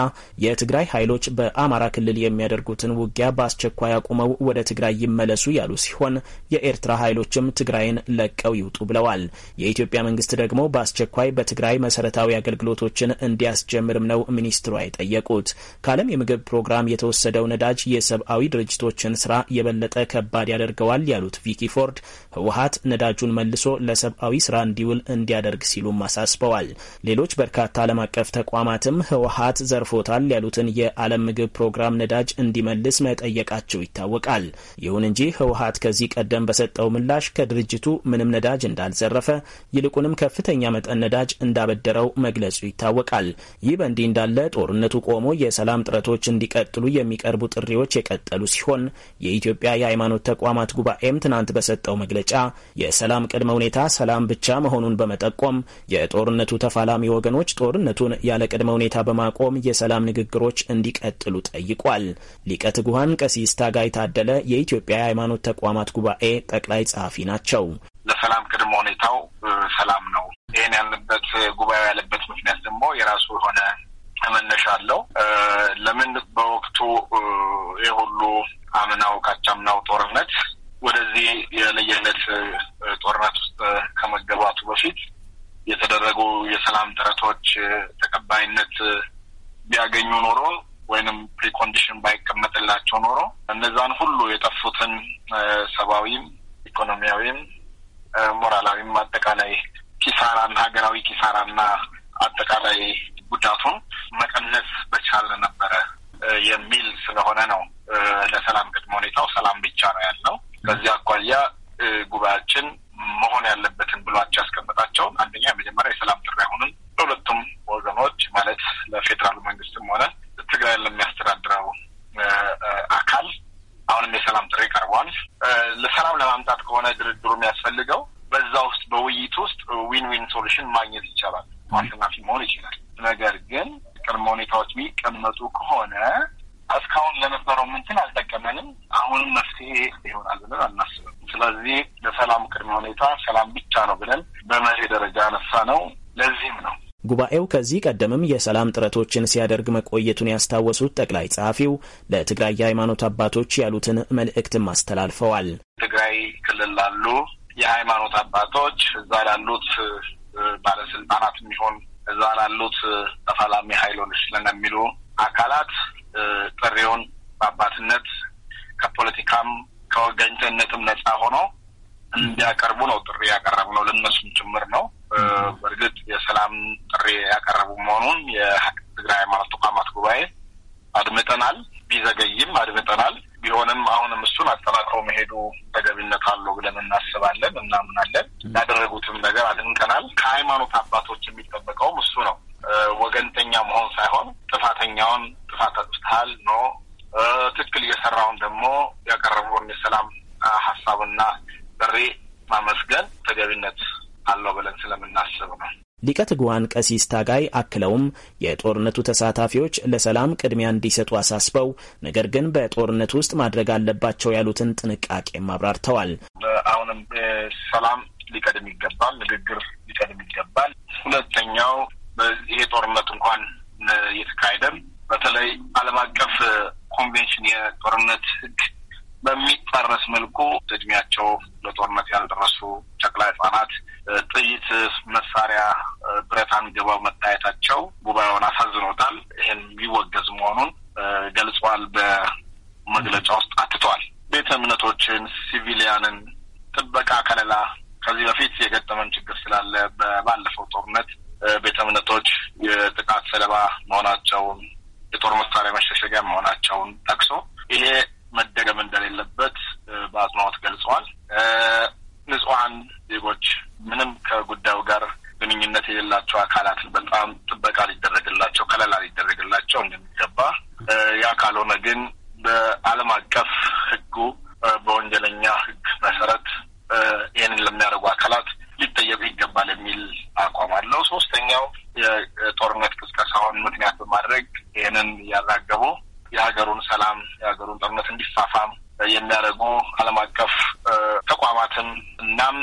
የትግራይ ኃይሎች በአማራ ክልል የሚያደርጉትን ውጊያ በአስቸኳይ አቁመው ወደ ትግራይ ይመለሱ ያሉ ሲሆን የኤርትራ ኃይሎችም ትግራይን ለቀው ይውጡ ብለዋል። የኢትዮጵያ መንግስት ደግሞ በአስቸኳይ በትግራይ መሰረታዊ አገልግሎቶችን እንዲያስጀምርም ነው ሚኒስትሯ የጠየቁት። ከዓለም የምግብ ፕሮግራም የተወሰደው ነዳጅ የሰብአዊ ድርጅቶችን ስራ የበለጠ ከባድ ያደርገዋል ያሉት ቪኪ ፎርድ ህወሀት ነዳጁን መልሶ ለሰብአዊ ስራ እንዲውል እንዲያደርግ ሲሉም አሳስበዋል። ሌሎች በርካታ ዓለም አቀፍ ተቋማትም ህወሀት ዘርፎታል ያሉትን የዓለም ምግብ ፕሮግራም ነዳጅ እንዲመልስ መጠየቃቸው ይታወቃል። ይሁን እንጂ ህወሀት ከዚህ ቀደም በሰጠው ምላሽ ከድርጅቱ ምንም ነዳጅ እንዳልዘረፈ ይልቁንም ከፍተኛ መጠን ነዳጅ እንዳበደረው መግለጹ ይታወቃል። ይህ በእንዲህ እንዳለ ጦርነቱ ቆሞ የሰላም ጥረቶች እንዲቀጥሉ የሚቀርቡ ጥሪዎች የቀጠሉ ሲሆን የኢትዮጵያ የሃይማኖት ተቋማት ጉባኤም ትናንት በሰጠው መግለጫ የሰላም ቅድመ ሁኔታ ሰላም ብቻ መሆኑን በመጠቆም የጦርነቱ ተፋላሚ ወገኖች ጦርነቱን ያለ ቅድመ ሁኔታ በማቆም የሰላም ንግግሮች እንዲቀጥሉ ጠይቋል። ሊቀ ትጉሃን ቀሲስ ታጋይ ታደለ የኢትዮጵያ የሃይማኖት ተቋማት ጉባኤ ጠቅላይ ጸሐፊ ናቸው። ለሰላም ቅድመ ሁኔታው ሰላም ነው። ይህን ያልንበት ጉባኤው ያለበት ምክንያት ደግሞ የራሱ የሆነ መነሻ አለው። ለምን በወቅቱ የሁሉ አምናው ካቻምናው ጦርነት ወደዚህ የለየለት ጦርነት ውስጥ ከመገባቱ በፊት የተደረጉ የሰላም ጥረቶች ተቀባይነት ቢያገኙ ኖሮ ወይንም ፕሪኮንዲሽን ባይቀመጥላቸው ኖሮ እነዛን ሁሉ የጠፉትን ሰብአዊም፣ ኢኮኖሚያዊም፣ ሞራላዊም አጠቃላይ ኪሳራና ሀገራዊ ኪሳራና አጠቃላይ ጉዳቱን መቀነስ በቻለ ነበረ የሚል ስለሆነ ነው። ለሰላም ቅድመ ሁኔታው ሰላም ብቻ ነው ያለው። ከዚህ አኳያ ጉባኤያችን መሆን ያለበትን ብሏቸው ያስቀመጣቸውን አንደኛ የመጀመሪያ የሰላም ጥሪ አሁንም ለሁለቱም ወገኖች ማለት ለፌዴራሉ መንግስትም ሆነ ትግራይ ለሚያስተዳድረው አካል አሁንም የሰላም ጥሪ ቀርቧል። ለሰላም ለማምጣት ከሆነ ድርድሩ የሚያስፈልገው በዛ ውስጥ በውይይት ውስጥ ዊን ዊን ሶሉሽን ማግኘት ይቻላል። አሸናፊ መሆን ይችላል። ነገር ግን ቅድመ ሁኔታዎች የሚቀመጡ ከሆነ እስካሁን ለነበረው ምንትን አልጠቀመንም። አሁን መፍትሄ ይሆናል ብለን አናስብም። ስለዚህ ለሰላም ቅድመ ሁኔታ ሰላም ብቻ ነው ብለን በመሪ ደረጃ ያነሳ ነው። ለዚህም ነው ጉባኤው ከዚህ ቀደምም የሰላም ጥረቶችን ሲያደርግ መቆየቱን ያስታወሱት ጠቅላይ ጸሐፊው ለትግራይ የሃይማኖት አባቶች ያሉትን መልእክትም አስተላልፈዋል። ትግራይ ክልል ላሉ የሃይማኖት አባቶች፣ እዛ ላሉት ባለስልጣናት የሚሆን እዛ ላሉት ተፋላሚ ሀይሎች የሚሉ አካላት ጥሪውን በአባትነት ከፖለቲካም ከወገኝተነትም ነጻ ሆኖ እንዲያቀርቡ ነው ጥሪ ነው ልነሱም ጭምር ነው። በእርግጥ የሰላም ጥሪ ያቀረቡ መሆኑን የትግራይ ሃይማኖት ተቋማት ጉባኤ አድምጠናል። ቢዘገይም አድምጠናል። ቢሆንም አሁንም እሱን አጠናክሮ መሄዱ ተገቢነት አለው ብለን እናስባለን፣ እናምናለን። ያደረጉትም ነገር አድንቀናል። ከሃይማኖት አባቶች የሚጠ ና ጥሪ ማመስገን ተገቢነት አለው ብለን ስለምናስብ ነው። ሊቀ ትጉሃን ቀሲስ ታጋይ አክለውም የጦርነቱ ተሳታፊዎች ለሰላም ቅድሚያ እንዲሰጡ አሳስበው ነገር ግን በጦርነት ውስጥ ማድረግ አለባቸው ያሉትን ጥንቃቄም አብራርተዋል። አሁንም ሰላም ሊቀድም ይገባል፣ ንግግር ሊቀድም ይገባል። ሁለተኛው ይሄ ጦርነት እንኳን እየተካሄደም በተለይ ዓለም አቀፍ ኮንቬንሽን የጦርነት ሕግ በሚጣረስ መልኩ እድሜያቸው ለጦርነት ያልደረሱ ጨቅላ ህጻናት ጥይት፣ መሳሪያ፣ ብረት አንግበው መታየታቸው ጉባኤውን አሳዝኖታል። ይህን የሚወገዝ መሆኑን ገልጿል። በመግለጫ ውስጥ አትቷል። ቤተ እምነቶችን፣ ሲቪሊያንን ጥበቃ፣ ከለላ ከዚህ በፊት የገጠመን ችግር ስላለ ባለፈው ጦርነት ቤተ እምነቶች የጥቃት ሰለባ መሆናቸውን የጦር መሳሪያ መሸሸጊያ መሆናቸውን ጠቅሶ ይሄ መደገም እንደሌለበት በአጽንኦት ገልጸዋል። ንጹሐን ዜጎች ምንም ከጉዳዩ ጋር ግንኙነት የሌላቸው አካላትን በጣም ጥበቃ ሊደረግላቸው፣ ከለላ ሊደረግላቸው እንደሚገባ ያ ካልሆነ ግን በዓለም አቀፍ ሕጉ በወንጀለኛ ሕግ መሰረት ይህንን ለሚያደርጉ አካላት ሊጠየቁ ይገባል የሚል አቋም አለው። ሶስተኛው የጦርነት ቅስቀሳውን ምክንያት በማድረግ ይህንን እያራገቡ የሀገሩን ሰላም የሀገሩን ጦርነት እንዲፋፋም የሚያደርጉ ዓለም አቀፍ ተቋማትን እናም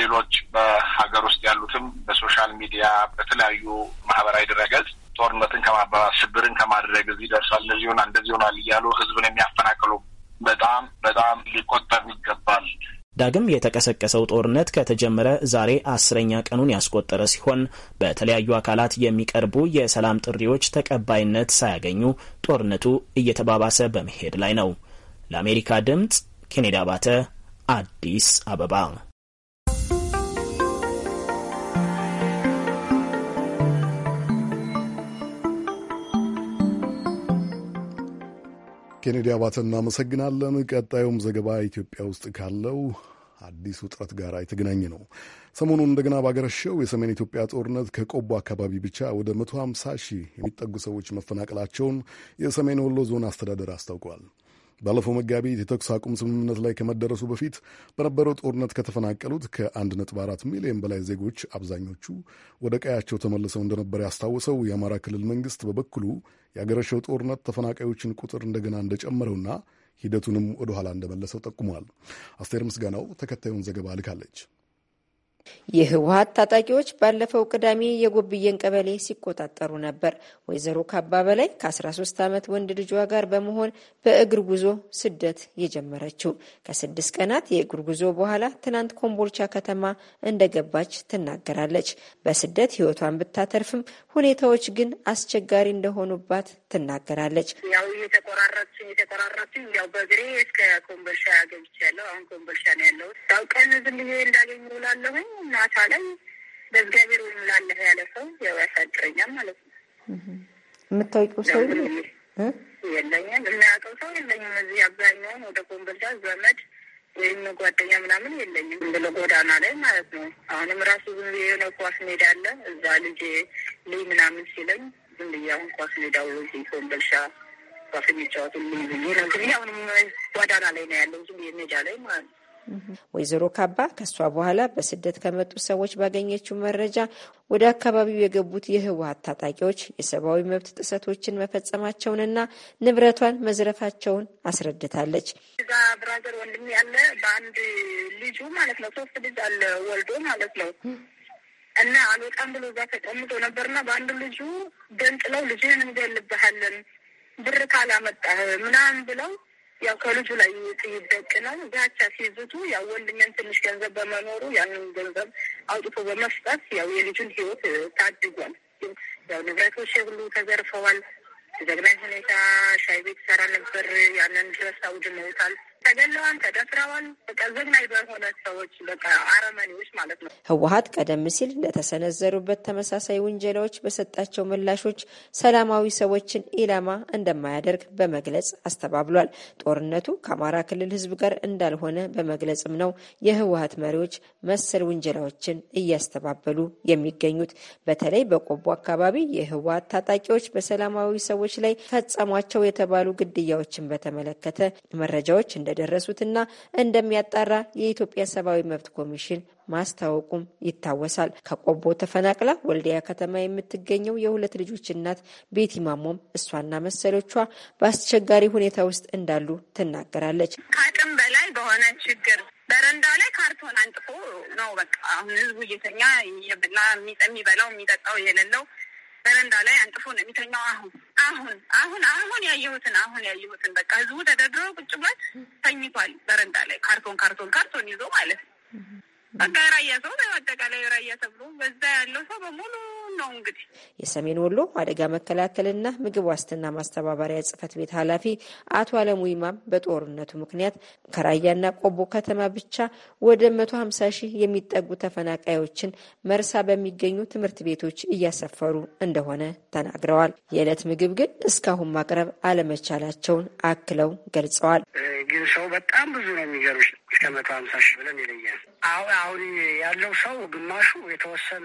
ሌሎች በሀገር ውስጥ ያሉትም በሶሻል ሚዲያ በተለያዩ ማህበራዊ ድረገጽ ጦርነትን ከማባባስ ሽብርን ከማድረግ እዚህ ደርሷል፣ እንደዚህ ሆና እንደዚህ ሆኗል እያሉ ህዝብን የሚያፈናቅሉ በጣም በጣም ሊቆጠር ዳግም የተቀሰቀሰው ጦርነት ከተጀመረ ዛሬ አስረኛ ቀኑን ያስቆጠረ ሲሆን በተለያዩ አካላት የሚቀርቡ የሰላም ጥሪዎች ተቀባይነት ሳያገኙ ጦርነቱ እየተባባሰ በመሄድ ላይ ነው። ለአሜሪካ ድምፅ ኬኔዲ አባተ አዲስ አበባ ኬኔዲ አባተ እናመሰግናለን። ቀጣዩም ዘገባ ኢትዮጵያ ውስጥ ካለው አዲስ ውጥረት ጋር የተገናኘ ነው። ሰሞኑን እንደገና ባገረሸው የሰሜን ኢትዮጵያ ጦርነት ከቆቦ አካባቢ ብቻ ወደ 150 ሺህ የሚጠጉ ሰዎች መፈናቀላቸውን የሰሜን ወሎ ዞን አስተዳደር አስታውቋል። ባለፈው መጋቢት የተኩስ አቁም ስምምነት ላይ ከመደረሱ በፊት በነበረው ጦርነት ከተፈናቀሉት ከ1.4 ሚሊዮን በላይ ዜጎች አብዛኞቹ ወደ ቀያቸው ተመልሰው እንደነበር ያስታወሰው የአማራ ክልል መንግስት በበኩሉ የአገረሸው ጦርነት ተፈናቃዮችን ቁጥር እንደገና እንደጨመረውና ሂደቱንም ወደኋላ እንደመለሰው ጠቁሟል። አስቴር ምስጋናው ተከታዩን ዘገባ ልካለች። የህወሀት ታጣቂዎች ባለፈው ቅዳሜ የጎብየን ቀበሌ ሲቆጣጠሩ ነበር። ወይዘሮ ካባ በላይ ከ13 ዓመት ወንድ ልጇ ጋር በመሆን በእግር ጉዞ ስደት የጀመረችው ከስድስት ቀናት የእግር ጉዞ በኋላ ትናንት ኮምቦልቻ ከተማ እንደገባች ትናገራለች። በስደት ህይወቷን ብታተርፍም ሁኔታዎች ግን አስቸጋሪ እንደሆኑባት ትናገራለች። ያው እየተቆራረችኝ እየተቆራረችኝ ያው በእግሬ እስከ ኮምቦልቻ ገብቻለሁ። አሁን ኮምቦልቻ ነው ያለሁት። ያው ቀን ዝም ብዬ እንዳገኝ ውላለሁኝ ማታ ላይ በእግዚአብሔር ወይም ላለ ያለ ሰው ያው ያሳድረኛል ማለት ነው። የምታውቂው ሰው የለኝም፣ የሚያውቀው ሰው የለኝም። እዚህ አብዛኛውን ወደ ኮምቦልቻ ዘመድ ወይም ጓደኛ ምናምን የለኝም ብሎ ጎዳና ላይ ማለት ነው። አሁንም ራሱ ዝም ብዬ የሆነ ኳስ ሜዳ አለ እዛ ልጅ ልይ ምናምን ሲለኝ ዝም ብዬ አሁን ኳስ ሜዳው እዚህ ኮምቦልቻ ኳስ የሚጫወቱ ልይ ብዬ ነው። አሁንም ጓዳና ላይ ነው ያለው ዝም ብዬ ሜዳ ላይ ማለት ነው። ወይዘሮ ካባ ከሷ በኋላ በስደት ከመጡ ሰዎች ባገኘችው መረጃ ወደ አካባቢው የገቡት የህወሀት ታጣቂዎች የሰብአዊ መብት ጥሰቶችን መፈጸማቸውንና ንብረቷን መዝረፋቸውን አስረድታለች። እዛ ብራዘር ወንድም ያለ በአንድ ልጁ ማለት ነው ሶስት ልጅ አለ ወልዶ ማለት ነው እና አልወጣም ብሎ እዛ ተቀምጦ ነበርና በአንድ ልጁ ገንጥለው ልጅህን እንገልብሃለን ብር ካላመጣህ ምናምን ብለው ያው ከልጁ ላይ ጥይት ነው ዛቻ ሲዝቱ ያው ወንድሜም ትንሽ ገንዘብ በመኖሩ ያንን ገንዘብ አውጥቶ በመስጠት ያው የልጁን ህይወት ታድጓል። ያው ንብረቶች ሁሉ ተዘርፈዋል። ዘግናኝ ሁኔታ ሻይ ቤት ሰራ ነበር። ያንን ድረስ አውድመውታል። ተገለዋል፣ ተደፍረዋል። በቃ ዘግናኝ በሆነ ሰዎች በቃ አረመኔዎች ማለት ነው። ህወሀት ቀደም ሲል ለተሰነዘሩበት ተመሳሳይ ውንጀላዎች በሰጣቸው ምላሾች ሰላማዊ ሰዎችን ኢላማ እንደማያደርግ በመግለጽ አስተባብሏል። ጦርነቱ ከአማራ ክልል ህዝብ ጋር እንዳልሆነ በመግለጽም ነው የህወሀት መሪዎች መሰል ውንጀላዎችን እያስተባበሉ የሚገኙት። በተለይ በቆቦ አካባቢ የህወሀት ታጣቂዎች በሰላማዊ ሰዎች ላይ ፈጸሟቸው የተባሉ ግድያዎችን በተመለከተ መረጃዎች እንደ እንደደረሱትና እንደሚያጣራ የኢትዮጵያ ሰብአዊ መብት ኮሚሽን ማስታወቁም ይታወሳል። ከቆቦ ተፈናቅላ ወልዲያ ከተማ የምትገኘው የሁለት ልጆች እናት ቤቲ ማሞም እሷና መሰሎቿ በአስቸጋሪ ሁኔታ ውስጥ እንዳሉ ትናገራለች። ከአቅም በላይ በሆነ ችግር በረንዳ ላይ ካርቶን አንጥፎ ነው በቃ አሁን ህዝቡ እየተኛ የሚበላው የሚጠጣው የሌለው በረንዳ ላይ አንጥፎ ነው የሚተኛው። አሁን አሁን አሁን አሁን ያየሁትን አሁን ያየሁትን በቃ ህዝቡ ተደርድሮ ቁጭ ብሏል፣ ተኝቷል በረንዳ ላይ ካርቶን ካርቶን ካርቶን ይዞ ማለት ነው። በቃ የራያ ሰው በአጠቃላይ የራያ ተብሎ በዛ ያለው ሰው በሙሉ ነው እንግዲህ የሰሜን ወሎ አደጋ መከላከልና ምግብ ዋስትና ማስተባበሪያ ጽህፈት ቤት ኃላፊ አቶ አለሙ ይማም በጦርነቱ ምክንያት ከራያና ቆቦ ከተማ ብቻ ወደ መቶ ሀምሳ ሺህ የሚጠጉ ተፈናቃዮችን መርሳ በሚገኙ ትምህርት ቤቶች እያሰፈሩ እንደሆነ ተናግረዋል። የዕለት ምግብ ግን እስካሁን ማቅረብ አለመቻላቸውን አክለው ገልጸዋል። ግን ሰው በጣም ብዙ ነው የሚገርምሽ እስከ መቶ ሀምሳ ሺህ ብለን ይለያል። አሁን ያለው ሰው ግማሹ የተወሰነ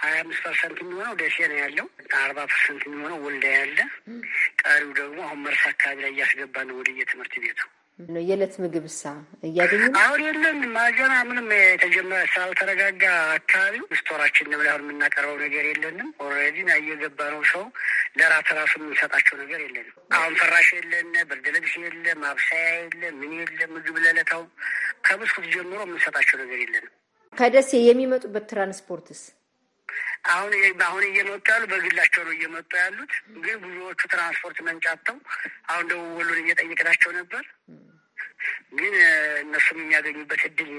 ሀያ አምስት ፐርሰንት የሚሆነው ደሴ ነው ያለው። አርባ ፐርሰንት የሚሆነው ወልዳ ያለ፣ ቀሪው ደግሞ አሁን መርስ አካባቢ ላይ እያስገባ ነው ወደ የትምህርት ቤቱ ነው። የዕለት ምግብ ሳ እያገኙ አሁን የለን ማዘና ምንም የተጀመረ ሳልተረጋጋ አካባቢው ስቶራችን ነው። አሁን የምናቀርበው ነገር የለንም። ኦልሬዲ እየገባ ነው ሰው ለራት ራሱ የምንሰጣቸው ነገር የለንም። አሁን ፍራሽ የለን፣ ብርድ ልብስ የለ፣ ማብሰያ የለ፣ ምን የለ። ምግብ ለለታው ከብስኩት ጀምሮ የምንሰጣቸው ነገር የለንም። ከደሴ የሚመጡበት ትራንስፖርትስ አሁን አሁን እየመጡ ያሉ በግላቸው ነው እየመጡ ያሉት። ግን ብዙዎቹ ትራንስፖርት መንጫተው አሁን ደቡብ ወሎን እየጠየቅናቸው ነበር ግን እነሱም የሚያገኙበት እድል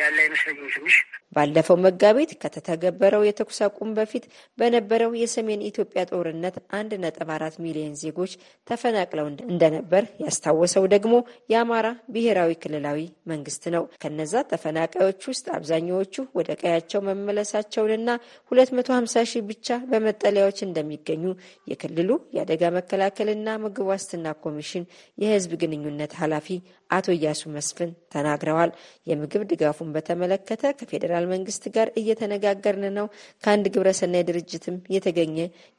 ያለ አይመስለኝም። ትንሽ ባለፈው መጋቢት ከተተገበረው የተኩስ አቁም በፊት በነበረው የሰሜን ኢትዮጵያ ጦርነት አንድ ነጥብ አራት ሚሊዮን ዜጎች ተፈናቅለው እንደነበር ያስታወሰው ደግሞ የአማራ ብሔራዊ ክልላዊ መንግስት ነው። ከነዛ ተፈናቃዮች ውስጥ አብዛኛዎቹ ወደ ቀያቸው መመለሳቸውንና ሁለት መቶ ሀምሳ ሺህ ብቻ በመጠለያዎች እንደሚገኙ የክልሉ የአደጋ መከላከልና ምግብ ዋስትና ኮሚሽን የህዝብ ግንኙነት ኃላፊ አቶ ኢያሱ መስፍን ተናግረዋል። የምግብ ድጋፉን በተመለከተ ከፌዴራል መንግስት ጋር እየተነጋገርን ነው። ከአንድ ግብረሰናይ ድርጅትም የተገኘ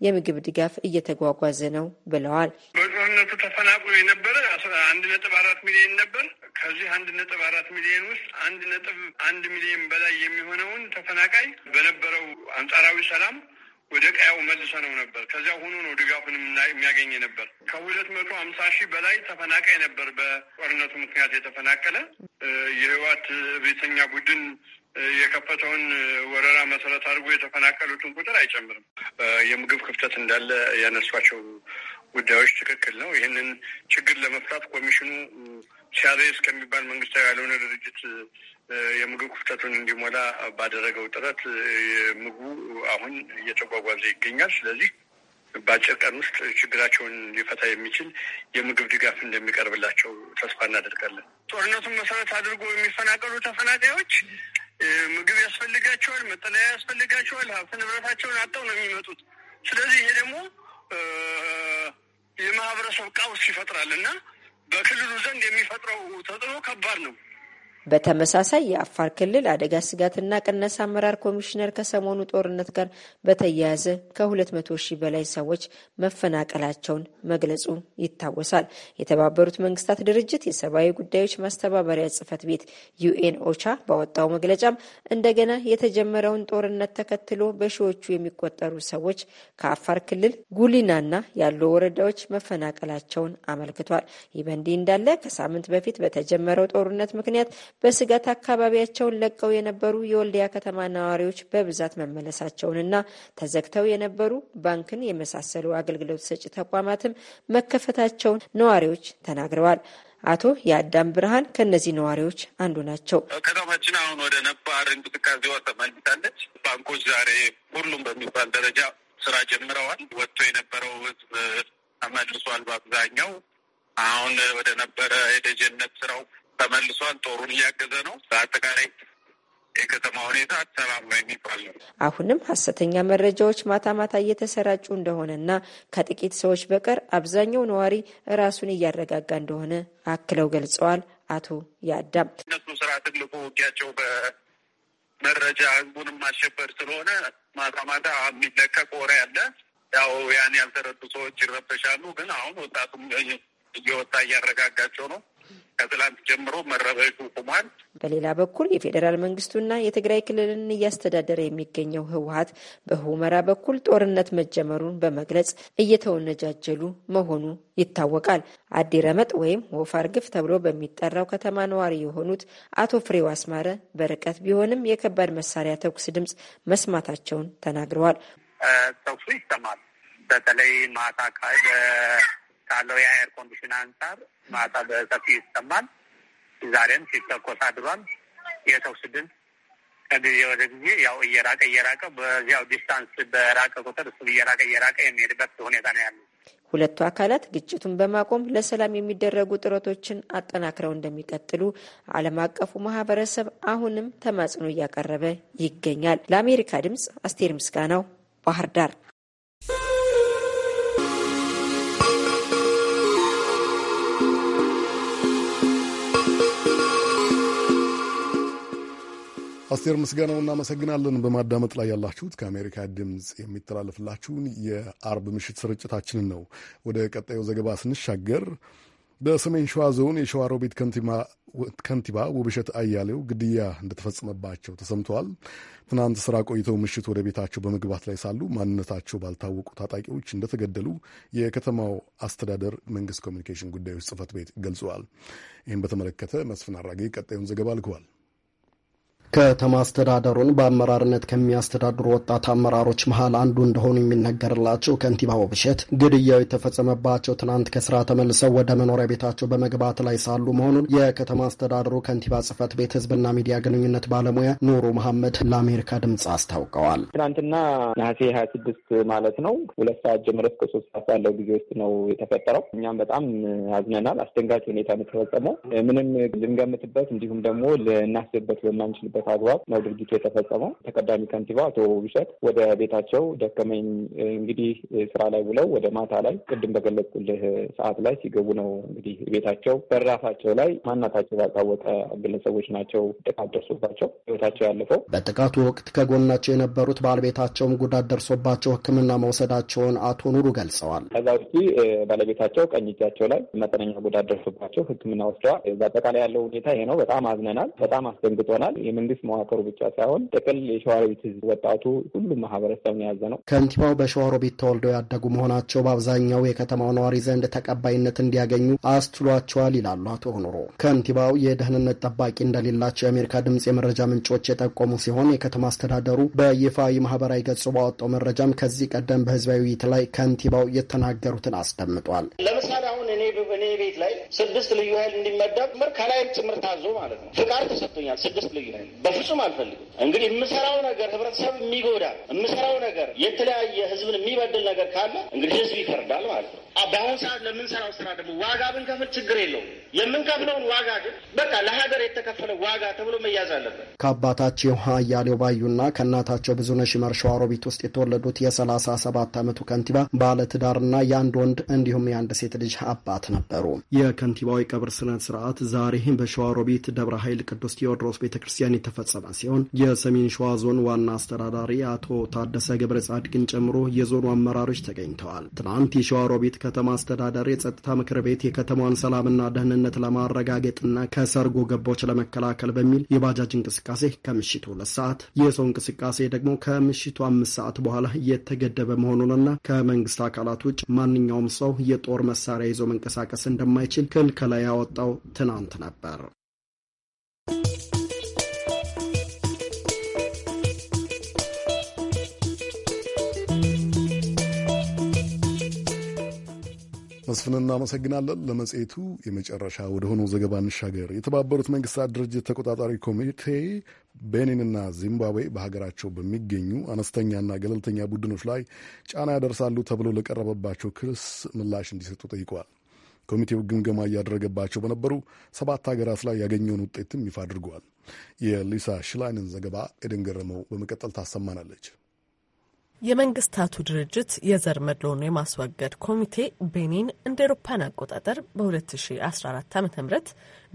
የምግብ ድጋፍ እየተጓጓዘ ነው ብለዋል። በጦርነቱ ተፈናቅሎ የነበረ አንድ ነጥብ አራት ሚሊዮን ነበር። ከዚህ አንድ ነጥብ አራት ሚሊዮን ውስጥ አንድ ነጥብ አንድ ሚሊዮን በላይ የሚሆነውን ተፈናቃይ በነበረው አንጻራዊ ሰላም ወደ ቀያው መልሰ ነው ነበር። ከዚያ ሆኖ ነው ድጋፉን የሚያገኝ ነበር። ከሁለት መቶ ሀምሳ ሺህ በላይ ተፈናቃይ ነበር በጦርነቱ ምክንያት የተፈናቀለ የህወሓት ቤተኛ ቡድን የከፈተውን ወረራ መሰረት አድርጎ የተፈናቀሉትን ቁጥር አይጨምርም። የምግብ ክፍተት እንዳለ ያነሷቸው ጉዳዮች ትክክል ነው። ይህንን ችግር ለመፍታት ኮሚሽኑ ሲያዘ እስከሚባል መንግስታዊ ያልሆነ ድርጅት የምግብ ክፍተቱን እንዲሞላ ባደረገው ጥረት ምግቡ አሁን እየተጓጓዘ ይገኛል። ስለዚህ በአጭር ቀን ውስጥ ችግራቸውን ሊፈታ የሚችል የምግብ ድጋፍ እንደሚቀርብላቸው ተስፋ እናደርጋለን። ጦርነቱን መሰረት አድርጎ የሚፈናቀሉ ተፈናቃዮች ምግብ ያስፈልጋቸዋል፣ መጠለያ ያስፈልጋቸዋል። ሀብት ንብረታቸውን አጣው ነው የሚመጡት። ስለዚህ ይሄ ደግሞ የማህበረሰብ ቀውስ ይፈጥራል እና በክልሉ ዘንድ የሚፈጥረው ተጽዕኖ ከባድ ነው። በተመሳሳይ የአፋር ክልል አደጋ ስጋትና ቅነሳ አመራር ኮሚሽነር ከሰሞኑ ጦርነት ጋር በተያያዘ ከ200 ሺህ በላይ ሰዎች መፈናቀላቸውን መግለጹ ይታወሳል። የተባበሩት መንግስታት ድርጅት የሰብአዊ ጉዳዮች ማስተባበሪያ ጽህፈት ቤት ዩኤን ኦቻ ባወጣው መግለጫም እንደገና የተጀመረውን ጦርነት ተከትሎ በሺዎቹ የሚቆጠሩ ሰዎች ከአፋር ክልል ጉሊናና ያሉ ወረዳዎች መፈናቀላቸውን አመልክቷል። ይህ በእንዲህ እንዳለ ከሳምንት በፊት በተጀመረው ጦርነት ምክንያት በስጋት አካባቢያቸውን ለቀው የነበሩ የወልዲያ ከተማ ነዋሪዎች በብዛት መመለሳቸውንና ተዘግተው የነበሩ ባንክን የመሳሰሉ አገልግሎት ሰጪ ተቋማትም መከፈታቸውን ነዋሪዎች ተናግረዋል። አቶ የአዳም ብርሃን ከእነዚህ ነዋሪዎች አንዱ ናቸው። ከተማችን አሁን ወደ ነባር እንቅስቃሴዋ ተመልሳለች። ባንኮች ዛሬ ሁሉም በሚባል ደረጃ ስራ ጀምረዋል። ወጥቶ የነበረው ህዝብ ተመልሷል። በአብዛኛው አሁን ወደ ነበረ የደጀነት ስራው ተመልሷል። ጦሩን እያገዘ ነው። በአጠቃላይ የከተማ ሁኔታ ሰላም የሚባል ነው። አሁንም ሀሰተኛ መረጃዎች ማታ ማታ እየተሰራጩ እንደሆነ እና ከጥቂት ሰዎች በቀር አብዛኛው ነዋሪ ራሱን እያረጋጋ እንደሆነ አክለው ገልጸዋል። አቶ ያዳም እነሱ ስራ ትልቁ ውጊያቸው በመረጃ ህዝቡንም ማሸበር ስለሆነ ማታ ማታ የሚለቀቅ ወሬ ያለ ያው ያን ያልተረዱ ሰዎች ይረበሻሉ። ግን አሁን ወጣቱም እየወጣ እያረጋጋቸው ነው። ከትላንት ጀምሮ መረበቱ ቁሟል። በሌላ በኩል የፌዴራል መንግስቱና የትግራይ ክልልን እያስተዳደረ የሚገኘው ህወሀት በሁመራ በኩል ጦርነት መጀመሩን በመግለጽ እየተወነጃጀሉ መሆኑ ይታወቃል። አዲ ረመጥ ወይም ወፋር ግፍ ተብሎ በሚጠራው ከተማ ነዋሪ የሆኑት አቶ ፍሬው አስማረ በርቀት ቢሆንም የከባድ መሳሪያ ተኩስ ድምፅ መስማታቸውን ተናግረዋል። ተኩሱ ይሰማል። በተለይ ማታ ካለው የአየር ኮንዲሽን አንጻር ማታ በሰፊ ይሰማል። ዛሬም ሲተኮስ አድሯል። የተኩስ ድምፅ ከጊዜ ወደ ጊዜ ያው እየራቀ እየራቀ በዚያው ዲስታንስ በራቀ ቁጥር እሱ እየራቀ እየራቀ የሚሄድበት ሁኔታ ነው ያለው። ሁለቱ አካላት ግጭቱን በማቆም ለሰላም የሚደረጉ ጥረቶችን አጠናክረው እንደሚቀጥሉ ዓለም አቀፉ ማህበረሰብ አሁንም ተማጽኖ እያቀረበ ይገኛል። ለአሜሪካ ድምፅ አስቴር ምስጋናው ባህር ዳር። አስቴር ምስጋናው እናመሰግናለን። በማዳመጥ ላይ ያላችሁት ከአሜሪካ ድምፅ የሚተላለፍላችሁን የአርብ ምሽት ስርጭታችንን ነው። ወደ ቀጣዩ ዘገባ ስንሻገር በሰሜን ሸዋ ዞን የሸዋሮቢት ከንቲባ ውብሸት አያሌው ግድያ እንደተፈጸመባቸው ተሰምተዋል። ትናንት ስራ ቆይተው ምሽት ወደ ቤታቸው በመግባት ላይ ሳሉ ማንነታቸው ባልታወቁ ታጣቂዎች እንደተገደሉ የከተማው አስተዳደር መንግስት ኮሚኒኬሽን ጉዳዮች ጽህፈት ቤት ገልጸዋል። ይህም በተመለከተ መስፍን አራጌ ቀጣዩን ዘገባ ልከዋል። ከተማ አስተዳደሩን በአመራርነት ከሚያስተዳድሩ ወጣት አመራሮች መሀል አንዱ እንደሆኑ የሚነገርላቸው ከንቲባ ብሸት ግድያው የተፈጸመባቸው ትናንት ከስራ ተመልሰው ወደ መኖሪያ ቤታቸው በመግባት ላይ ሳሉ መሆኑን የከተማ አስተዳደሩ ከንቲባ ጽህፈት ቤት ህዝብና ሚዲያ ግንኙነት ባለሙያ ኑሩ መሐመድ ለአሜሪካ ድምፅ አስታውቀዋል። ትናንትና ነሐሴ ሀያ ስድስት ማለት ነው ሁለት ሰዓት ጀምሮ እስከ ሶስት ሰዓት ባለው ጊዜ ውስጥ ነው የተፈጠረው። እኛም በጣም አዝነናል። አስደንጋጭ ሁኔታ ነው የተፈጸመው። ምንም ልንገምትበት እንዲሁም ደግሞ ልናስብበት በማንችልበት በተሰጠበት አግባብ ነው ድርጊቱ የተፈጸመው። ተቀዳሚ ከንቲባ አቶ ውብሸት ወደ ቤታቸው ደከመኝ እንግዲህ ስራ ላይ ብለው ወደ ማታ ላይ ቅድም በገለጽኩልህ ሰዓት ላይ ሲገቡ ነው እንግዲህ ቤታቸው በራፋቸው ላይ ማናታቸው ባልታወቀ ግለሰቦች ናቸው ጥቃት ደርሶባቸው ህይወታቸው ያለፈው። በጥቃቱ ወቅት ከጎናቸው የነበሩት ባለቤታቸውም ጉዳት ደርሶባቸው ሕክምና መውሰዳቸውን አቶ ኑሩ ገልጸዋል። ከዛ ውጪ ባለቤታቸው ቀኝ እጃቸው ላይ መጠነኛ ጉዳት ደርሶባቸው ሕክምና ወስደዋል። በአጠቃላይ ያለው ሁኔታ ይሄ ነው። በጣም አዝነናል። በጣም አስደንግጦናል። የመንግስት መዋቅሩ ብቻ ሳይሆን ጥቅል የሸዋሮቢት ህዝብ ወጣቱ፣ ሁሉ ማህበረሰብ ነው የያዘ ነው። ከንቲባው በሸዋሮቢት ተወልደው ያደጉ መሆናቸው በአብዛኛው የከተማው ነዋሪ ዘንድ ተቀባይነት እንዲያገኙ አስችሏቸዋል ይላሉ አቶ ሆኖሮ። ከንቲባው የደህንነት ጠባቂ እንደሌላቸው የአሜሪካ ድምጽ የመረጃ ምንጮች የጠቆሙ ሲሆን የከተማ አስተዳደሩ በይፋዊ ማህበራዊ ገጹ ባወጣው መረጃም ከዚህ ቀደም በህዝባዊ ውይይት ላይ ከንቲባው የተናገሩትን አስደምጧል። ለምሳሌ እኔ ቤት ላይ ስድስት ልዩ ኃይል እንዲመደብ ከላይ ጭምር ታዞ ማለት ነው ፍቃድ ተሰጥቶኛል። ስድስት ልዩ ኃይል በፍጹም አልፈልግም። እንግዲህ የምሰራው ነገር ህብረተሰብ የሚጎዳ የምሰራው ነገር የተለያየ ህዝብን የሚበድል ነገር ካለ እንግዲህ ህዝብ ይፈርዳል ማለት ነው። በአሁኑ ሰዓት ለምንሰራው ስራ ደግሞ ዋጋ ብንከፍል ችግር የለውም። የምንከፍለውን ዋጋ ግን በቃ ለሀገር የተከፈለ ዋጋ ተብሎ መያዝ አለበት። ከአባታቸው አያሌው ባዩና ከእናታቸው ብዙነሽ ይመር ሸዋሮቢት ውስጥ የተወለዱት የሰላሳ ሰባት ዓመቱ ከንቲባ ባለትዳርና የአንድ ወንድ እንዲሁም የአንድ ሴት ልጅ አባት ነበሩ። የከንቲባው የቀብር ስነ ስርዓት ዛሬ በሸዋሮቢት ደብረ ኃይል ቅዱስ ቴዎድሮስ ቤተ ክርስቲያን የተፈጸመ ሲሆን የሰሜን ሸዋ ዞን ዋና አስተዳዳሪ አቶ ታደሰ ገብረ ጻድቅን ጨምሮ የዞኑ አመራሮች ተገኝተዋል። ትናንት የሸዋሮቢት ከተማ አስተዳደር የጸጥታ ምክር ቤት የከተማዋን ሰላምና ደህንነት ለማረጋገጥና ከሰርጎ ገቦች ለመከላከል በሚል የባጃጅ እንቅስቃሴ ከምሽቱ ሁለት ሰዓት የሰው እንቅስቃሴ ደግሞ ከምሽቱ አምስት ሰዓት በኋላ የተገደበ መሆኑንና ከመንግስት አካላት ውጭ ማንኛውም ሰው የጦር መሳሪያ ይዞ መንቀሳቀስ እንደማይችል ክልከላ ያወጣው ትናንት ነበር። መስፍን እናመሰግናለን። ለመጽሔቱ የመጨረሻ ወደ ሆነው ዘገባ እንሻገር። የተባበሩት መንግስታት ድርጅት ተቆጣጣሪ ኮሚቴ ቤኒንና ዚምባብዌ በሀገራቸው በሚገኙ አነስተኛና ገለልተኛ ቡድኖች ላይ ጫና ያደርሳሉ ተብሎ ለቀረበባቸው ክስ ምላሽ እንዲሰጡ ጠይቀዋል። ኮሚቴው ግምገማ እያደረገባቸው በነበሩ ሰባት ሀገራት ላይ ያገኘውን ውጤትም ይፋ አድርገዋል። የሊሳ ሽላይንን ዘገባ ኤደን ገረመው በመቀጠል ታሰማናለች። የመንግስታቱ ድርጅት የዘር መድሎን የማስወገድ ኮሚቴ ቤኒን እንደ ኤሮፓን አቆጣጠር በ2014 ዓ ም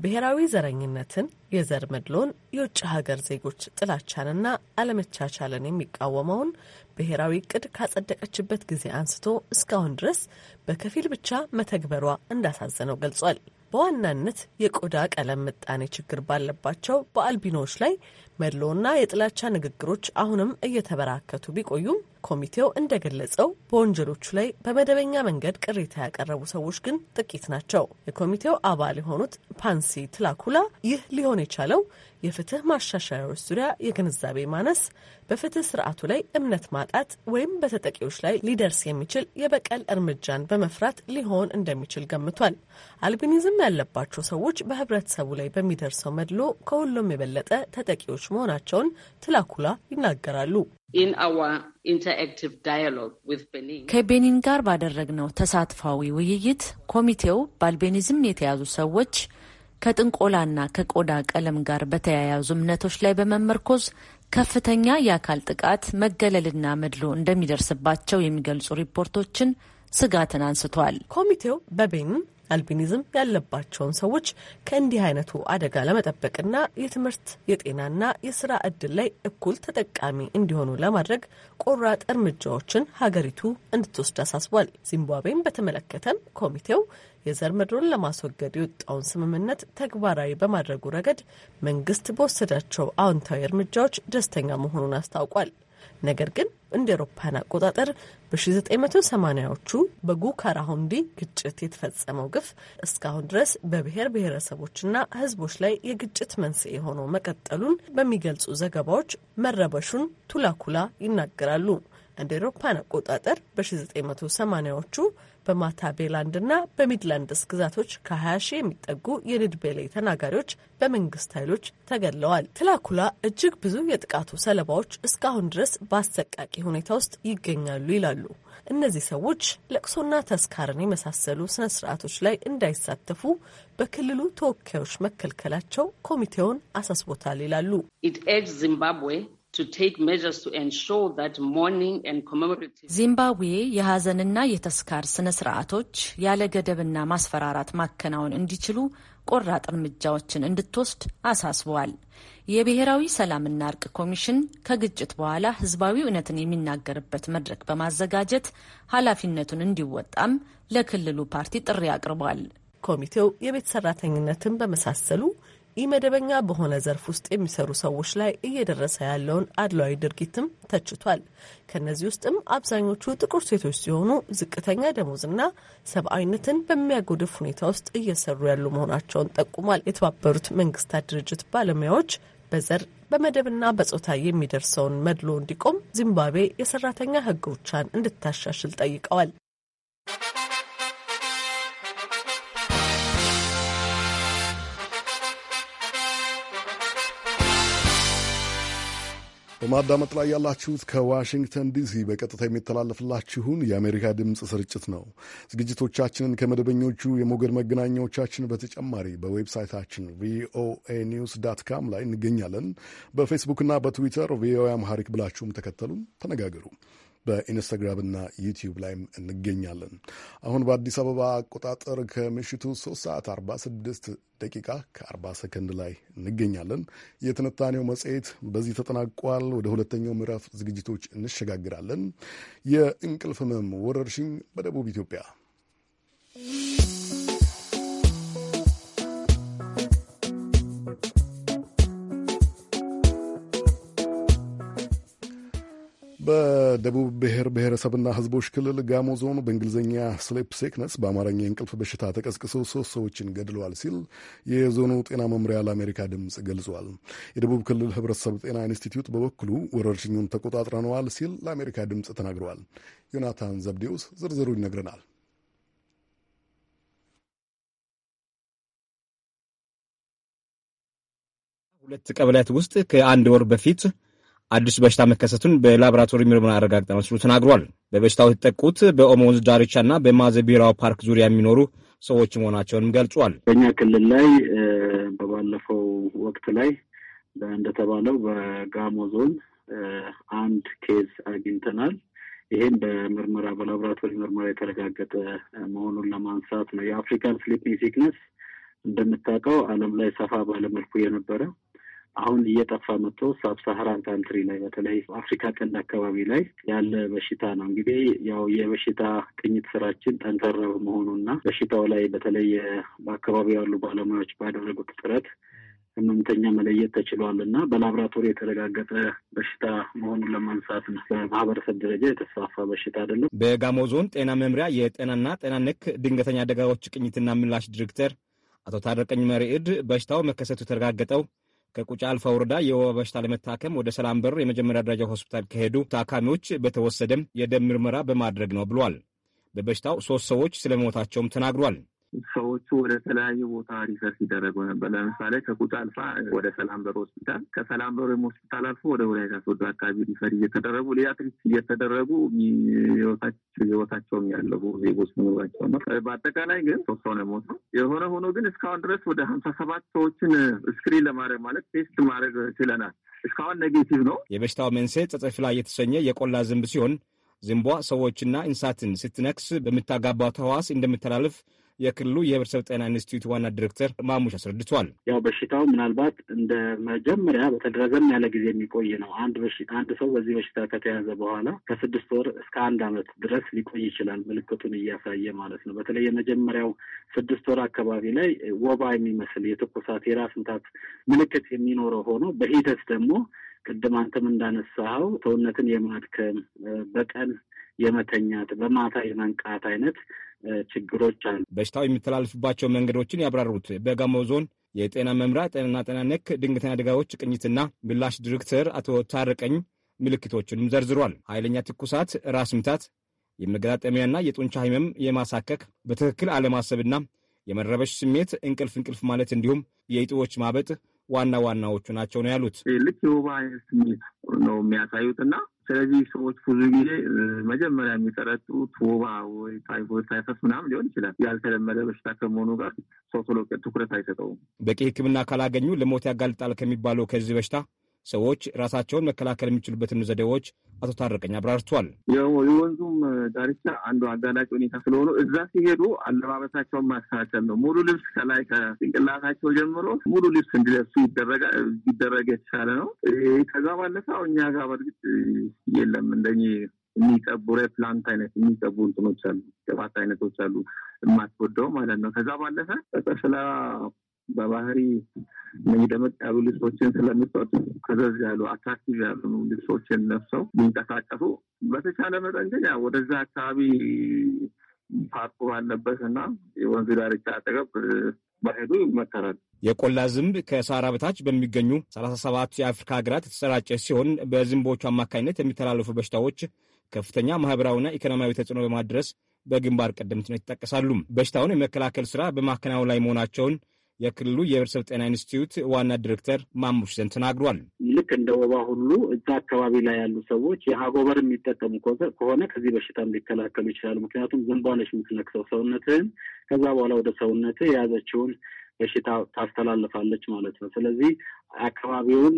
ብሔራዊ ዘረኝነትን፣ የዘር መድሎን፣ የውጭ ሀገር ዜጎች ጥላቻንና አለመቻቻልን የሚቃወመውን ብሔራዊ እቅድ ካጸደቀችበት ጊዜ አንስቶ እስካሁን ድረስ በከፊል ብቻ መተግበሯ እንዳሳዘነው ገልጿል። በዋናነት የቆዳ ቀለም ምጣኔ ችግር ባለባቸው በአልቢኖዎች ላይ መድሎና የጥላቻ ንግግሮች አሁንም እየተበራከቱ ቢቆዩም ኮሚቴው እንደገለጸው በወንጀሎቹ ላይ በመደበኛ መንገድ ቅሬታ ያቀረቡ ሰዎች ግን ጥቂት ናቸው። የኮሚቴው አባል የሆኑት ፓንሲ ትላኩላ ይህ ሊሆን የቻለው የፍትህ ማሻሻያዎች ዙሪያ የግንዛቤ ማነስ፣ በፍትህ ስርዓቱ ላይ እምነት ማጣት ወይም በተጠቂዎች ላይ ሊደርስ የሚችል የበቀል እርምጃን በመፍራት ሊሆን እንደሚችል ገምቷል። አልቢኒዝም ያለባቸው ሰዎች በህብረተሰቡ ላይ በሚደርሰው መድሎ ከሁሉም የበለጠ ተጠቂዎች ተሳታፊዎች መሆናቸውን ትላኩላ ይናገራሉ። ከቤኒን ጋር ባደረግነው ተሳትፋዊ ውይይት ኮሚቴው በአልቤኒዝም የተያዙ ሰዎች ከጥንቆላና ከቆዳ ቀለም ጋር በተያያዙ እምነቶች ላይ በመመርኮዝ ከፍተኛ የአካል ጥቃት መገለልና መድሎ እንደሚደርስባቸው የሚገልጹ ሪፖርቶችን ስጋትን አንስቷል። ኮሚቴው በቤኒን አልቢኒዝም ያለባቸውን ሰዎች ከእንዲህ አይነቱ አደጋ ለመጠበቅና የትምህርት የጤናና የስራ እድል ላይ እኩል ተጠቃሚ እንዲሆኑ ለማድረግ ቆራጥ እርምጃዎችን ሀገሪቱ እንድትወስድ አሳስቧል። ዚምባብዌን በተመለከተም ኮሚቴው የዘር መድሮን ለማስወገድ የወጣውን ስምምነት ተግባራዊ በማድረጉ ረገድ መንግስት በወሰዳቸው አዎንታዊ እርምጃዎች ደስተኛ መሆኑን አስታውቋል። ነገር ግን እንደ ኤሮፓን አቆጣጠር በ1980ዎቹ በጉካራሁንዲ ግጭት የተፈጸመው ግፍ እስካሁን ድረስ በብሔር ብሔረሰቦችና ሕዝቦች ላይ የግጭት መንስኤ ሆኖ መቀጠሉን በሚገልጹ ዘገባዎች መረበሹን ቱላኩላ ይናገራሉ። እንደ ኤሮፓን አቆጣጠር በ1980ዎቹ በማታቤላንድና በሚድላንድስ ግዛቶች ከ20 ሺህ የሚጠጉ የኒድቤሌ ተናጋሪዎች በመንግስት ኃይሎች ተገድለዋል። ትላኩላ እጅግ ብዙ የጥቃቱ ሰለባዎች እስካሁን ድረስ በአሰቃቂ ሁኔታ ውስጥ ይገኛሉ ይላሉ። እነዚህ ሰዎች ለቅሶና ተስካርን የመሳሰሉ ስነ ስርዓቶች ላይ እንዳይሳተፉ በክልሉ ተወካዮች መከልከላቸው ኮሚቴውን አሳስቦታል ይላሉ። ኢት ኤጅ ዚምባብዌ ዚምባብዌ የሐዘንና የተስካር ስነ ስርዓቶች ያለ ገደብና ማስፈራራት ማከናወን እንዲችሉ ቆራጥ እርምጃዎችን እንድትወስድ አሳስበዋል። የብሔራዊ ሰላምና እርቅ ኮሚሽን ከግጭት በኋላ ህዝባዊ እውነትን የሚናገርበት መድረክ በማዘጋጀት ኃላፊነቱን እንዲወጣም ለክልሉ ፓርቲ ጥሪ አቅርቧል። ኮሚቴው የቤት ሰራተኝነትን በመሳሰሉ ኢመደበኛ በሆነ ዘርፍ ውስጥ የሚሰሩ ሰዎች ላይ እየደረሰ ያለውን አድሏዊ ድርጊትም ተችቷል። ከእነዚህ ውስጥም አብዛኞቹ ጥቁር ሴቶች ሲሆኑ ዝቅተኛ ደሞዝና ሰብአዊነትን በሚያጎድፍ ሁኔታ ውስጥ እየሰሩ ያሉ መሆናቸውን ጠቁሟል። የተባበሩት መንግስታት ድርጅት ባለሙያዎች በዘር በመደብና በጾታ የሚደርሰውን መድሎ እንዲቆም ዚምባብዌ የሰራተኛ ህጎቿን እንድታሻሽል ጠይቀዋል። በማዳመጥ ላይ ያላችሁት ከዋሽንግተን ዲሲ በቀጥታ የሚተላለፍላችሁን የአሜሪካ ድምፅ ስርጭት ነው። ዝግጅቶቻችንን ከመደበኞቹ የሞገድ መገናኛዎቻችን በተጨማሪ በዌብሳይታችን ቪኦኤ ኒውስ ዳት ካም ላይ እንገኛለን። በፌስቡክና በትዊተር ቪኦኤ አምሃሪክ ብላችሁም ተከተሉን፣ ተነጋገሩ። በኢንስታግራምና ዩቲዩብ ላይም እንገኛለን። አሁን በአዲስ አበባ አቆጣጠር ከምሽቱ 3 ሰዓት 46 ደቂቃ ከ40 ሰከንድ ላይ እንገኛለን። የትንታኔው መጽሔት በዚህ ተጠናቋል። ወደ ሁለተኛው ምዕራፍ ዝግጅቶች እንሸጋግራለን። የእንቅልፍ ህመም ወረርሽኝ በደቡብ ኢትዮጵያ በደቡብ ብሔር ብሔረሰብና ህዝቦች ክልል ጋሞ ዞን በእንግሊዝኛ ስሌፕ ሴክነስ በአማርኛ የእንቅልፍ በሽታ ተቀስቅሰው ሶስት ሰዎችን ገድለዋል ሲል የዞኑ ጤና መምሪያ ለአሜሪካ ድምፅ ገልጿል። የደቡብ ክልል ህብረተሰብ ጤና ኢንስቲትዩት በበኩሉ ወረርሽኙን ተቆጣጥረነዋል ሲል ለአሜሪካ ድምፅ ተናግረዋል። ዮናታን ዘብዴውስ ዝርዝሩ ይነግረናል። ሁለት ቀበሌያት ውስጥ ከአንድ ወር በፊት አዲስ በሽታ መከሰቱን በላቦራቶሪ ምርመራ አረጋግጠናል ሲሉ ተናግሯል። በበሽታው የተጠቁት በኦሞ ወንዝ ዳርቻና በማዘ ብሔራዊ ፓርክ ዙሪያ የሚኖሩ ሰዎች መሆናቸውንም ገልጿል። በእኛ ክልል ላይ በባለፈው ወቅት ላይ እንደተባለው በጋሞ ዞን አንድ ኬዝ አግኝተናል። ይህም በምርመራ በላቦራቶሪ ምርመራ የተረጋገጠ መሆኑን ለማንሳት ነው። የአፍሪካን ስሊፒንግ ሲክነስ እንደምታውቀው ዓለም ላይ ሰፋ ባለመልኩ የነበረ አሁን እየጠፋ መጥቶ ሳብሳሃራን ካንትሪ ላይ በተለይ አፍሪካ ቀንድ አካባቢ ላይ ያለ በሽታ ነው። እንግዲህ ያው የበሽታ ቅኝት ስራችን ጠንከር በመሆኑና በሽታው ላይ በተለይ በአካባቢው ያሉ ባለሙያዎች ባደረጉት ጥረት ህመምተኛ መለየት ተችሏል እና በላብራቶሪ የተረጋገጠ በሽታ መሆኑን ለማንሳት ነው። በማህበረሰብ ደረጃ የተስፋፋ በሽታ አይደለም። በጋሞ ዞን ጤና መምሪያ የጤናና ጤና ነክ ድንገተኛ አደጋዎች ቅኝትና ምላሽ ዲሬክተር አቶ ታረቀኝ መርዕድ በሽታው መከሰቱ የተረጋገጠው ከቁጫ አልፋ ወረዳ የወባ በሽታ ለመታከም ወደ ሰላም በር የመጀመሪያ ደረጃ ሆስፒታል ከሄዱ ታካሚዎች በተወሰደም የደም ምርመራ በማድረግ ነው ብሏል። በበሽታው ሶስት ሰዎች ስለመሞታቸውም ተናግሯል። ሰዎቹ ወደ ተለያዩ ቦታ ሪፈር ሲደረጉ ነበር። ለምሳሌ ከቁጭ አልፋ ወደ ሰላም በር ሆስፒታል፣ ከሰላም በሮ ሆስፒታል አልፎ ወደ ወላይታ ሶዶ አካባቢ ሪፈር እየተደረጉ ሊያትሪት እየተደረጉ ህይወታቸውም ያለፉ ዜጎች መኖራቸው ነው። በአጠቃላይ ግን ሶስት ሰው ነው የሞተው። የሆነ ሆኖ ግን እስካሁን ድረስ ወደ ሀምሳ ሰባት ሰዎችን ስክሪን ለማድረግ ማለት ቴስት ማድረግ ችለናል። እስካሁን ኔጌቲቭ ነው። የበሽታው መንስኤ ጸጸፍላ የተሰኘ የቆላ ዝንብ ሲሆን ዝንቧ ሰዎችና እንስሳትን ስትነክስ በምታጋባው ተዋስ እንደምተላለፍ የክልሉ የህብረተሰብ ጤና ኢንስቲትዩት ዋና ዲሬክተር ማሙሽ አስረድቷል። ያው በሽታው ምናልባት እንደ መጀመሪያ በተደረገም ያለ ጊዜ የሚቆይ ነው። አንድ አንድ ሰው በዚህ በሽታ ከተያዘ በኋላ ከስድስት ወር እስከ አንድ ዓመት ድረስ ሊቆይ ይችላል፣ ምልክቱን እያሳየ ማለት ነው። በተለይ የመጀመሪያው ስድስት ወር አካባቢ ላይ ወባ የሚመስል የትኩሳት፣ የራስ ምታት ምልክት የሚኖረው ሆኖ በሂደት ደግሞ ቅድም አንተም እንዳነሳኸው ሰውነትን የማድከም በቀን የመተኛት በማታ የመንቃት አይነት ችግሮች አሉ። በሽታው የሚተላለፍባቸው መንገዶችን ያብራሩት በጋሞ ዞን የጤና መምሪያ ጤናና ጤና ነክ ድንገተኛ አደጋዎች ቅኝትና ምላሽ ዲሬክተር አቶ ታርቀኝ ምልክቶችንም ዘርዝሯል። ኃይለኛ ትኩሳት፣ ራስ ምታት፣ የመገጣጠሚያና የጡንቻ ህመም፣ የማሳከክ፣ በትክክል አለማሰብና የመረበሽ ስሜት፣ እንቅልፍ እንቅልፍ ማለት እንዲሁም የእጢዎች ማበጥ ዋና ዋናዎቹ ናቸው ነው ያሉት። ልክ የወባ ስሜት ነው የሚያሳዩትና። ስለዚህ ሰዎች ብዙ ጊዜ መጀመሪያ የሚጠረጥሩት ወባ ወይ ታይፎይድ፣ ታይፈስ ምናምን ሊሆን ይችላል። ያልተለመደ በሽታ ከመሆኑ ጋር ሰው ቶሎ ትኩረት አይሰጠውም። በቂ ሕክምና ካላገኙ ለሞት ያጋልጣል ከሚባለው ከዚህ በሽታ ሰዎች ራሳቸውን መከላከል የሚችሉበትን ዘዴዎች አቶ ታረቀኝ አብራርቷል። የወንዙም ዳርቻ አንዱ አጋላጭ ሁኔታ ስለሆኑ እዛ ሲሄዱ አለባበሳቸውን ማስተካከል ነው። ሙሉ ልብስ ከላይ ከጭንቅላታቸው ጀምሮ ሙሉ ልብስ እንዲለብሱ ይደረግ የተሻለ ነው። ከዛ ባለፈ እኛ ጋር በእርግጥ የለም እንደ የሚቀቡ ሬፕላንት አይነት የሚቀቡ እንትኖች አሉ፣ ቅባት አይነቶች አሉ፣ የማትወደው ማለት ነው። ከዛ ባለፈ ስለ በባህሪ እነዚህ ደመቅ ያሉ ልብሶችን ስለምትወድ ከዘዝ ያሉ አትራክቲቭ ያሉ ልብሶችን ለብሰው ሊንቀሳቀሱ በተቻለ መጠን ግን ያ ወደዛ አካባቢ ፓርኩ ባለበት እና የወንዝ ዳርቻ አጠገብ መሄዱ ይመከራል። የቆላ ዝንብ ከሳራ በታች በሚገኙ ሰላሳ ሰባት የአፍሪካ ሀገራት የተሰራጨ ሲሆን በዝንቦቹ አማካኝነት የሚተላለፉ በሽታዎች ከፍተኛ ማህበራዊና ኢኮኖሚያዊ ተጽዕኖ በማድረስ በግንባር ቀደምትነት ይጠቀሳሉ። በሽታውን የመከላከል ስራ በማከናወን ላይ መሆናቸውን የክልሉ የህብረተሰብ ጤና ኢንስቲትዩት ዋና ዲሬክተር ማሙሽዘን ተናግሯል። ልክ እንደ ወባ ሁሉ እዛ አካባቢ ላይ ያሉ ሰዎች የአጎበር የሚጠቀሙ ከሆነ ከዚህ በሽታ ሊከላከሉ ይችላሉ። ምክንያቱም ዝንቧነች የምትነክሰው ሰውነትህን ከዛ በኋላ ወደ ሰውነት የያዘችውን በሽታ ታስተላልፋለች ማለት ነው። ስለዚህ አካባቢውን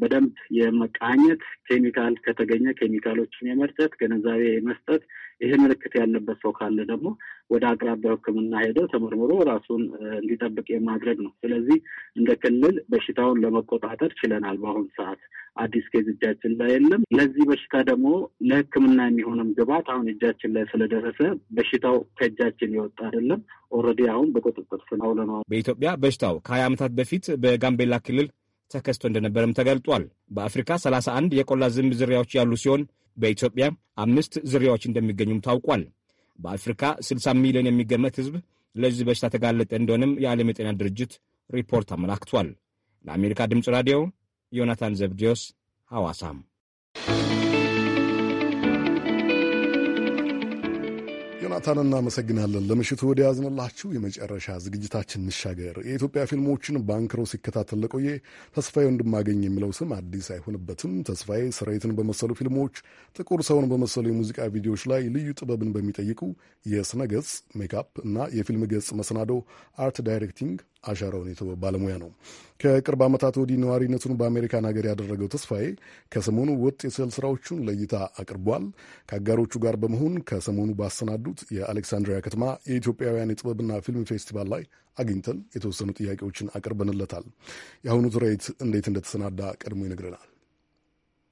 በደንብ የመቃኘት ኬሚካል ከተገኘ ኬሚካሎችን የመርጨት ግንዛቤ የመስጠት ይሄ ምልክት ያለበት ሰው ካለ ደግሞ ወደ አቅራቢያው ሕክምና ሄደው ተመርምሮ ራሱን እንዲጠብቅ የማድረግ ነው። ስለዚህ እንደ ክልል በሽታውን ለመቆጣጠር ችለናል። በአሁኑ ሰዓት አዲስ ኬዝ እጃችን ላይ የለም። ለዚህ በሽታ ደግሞ ለሕክምና የሚሆንም ግብዓት አሁን እጃችን ላይ ስለደረሰ በሽታው ከእጃችን የወጣ አይደለም። ኦልሬዲ አሁን በቁጥጥር ስር አውለነዋል። በኢትዮጵያ በሽታው ከሀያ ዓመታት በፊት በጋምቤላ ክልል ተከስቶ እንደነበረም ተገልጧል። በአፍሪካ 31 የቆላ ዝንብ ዝርያዎች ያሉ ሲሆን በኢትዮጵያ አምስት ዝርያዎች እንደሚገኙም ታውቋል። በአፍሪካ 60 ሚሊዮን የሚገመት ህዝብ ለዚህ በሽታ ተጋለጠ እንደሆነም የዓለም የጤና ድርጅት ሪፖርት አመላክቷል። ለአሜሪካ ድምፅ ራዲዮ ዮናታን ዘብዲዮስ ሐዋሳም ዮናታን እናመሰግናለን። ለምሽቱ ወደ ያዝንላችሁ የመጨረሻ ዝግጅታችን እንሻገር። የኢትዮጵያ ፊልሞችን በአንክሮ ሲከታተል ለቆየ ተስፋዬ ወንድማገኝ የሚለው ስም አዲስ አይሆንበትም። ተስፋዬ ስሬትን በመሰሉ ፊልሞች፣ ጥቁር ሰውን በመሰሉ የሙዚቃ ቪዲዮዎች ላይ ልዩ ጥበብን በሚጠይቁ የስነ ገጽ ሜካፕ እና የፊልም ገጽ መሰናዶ አርት ዳይሬክቲንግ አሻራውን የተወ ባለሙያ ነው። ከቅርብ ዓመታት ወዲህ ነዋሪነቱን በአሜሪካን ሀገር ያደረገው ተስፋዬ ከሰሞኑ ወጥ የስዕል ስራዎቹን ለእይታ አቅርቧል። ከአጋሮቹ ጋር በመሆን ከሰሞኑ ባሰናዱት የአሌክሳንድሪያ ከተማ የኢትዮጵያውያን የጥበብና ፊልም ፌስቲቫል ላይ አግኝተን የተወሰኑ ጥያቄዎችን አቅርበንለታል። የአሁኑ ትርኢት እንዴት እንደተሰናዳ ቀድሞ ይነግረናል።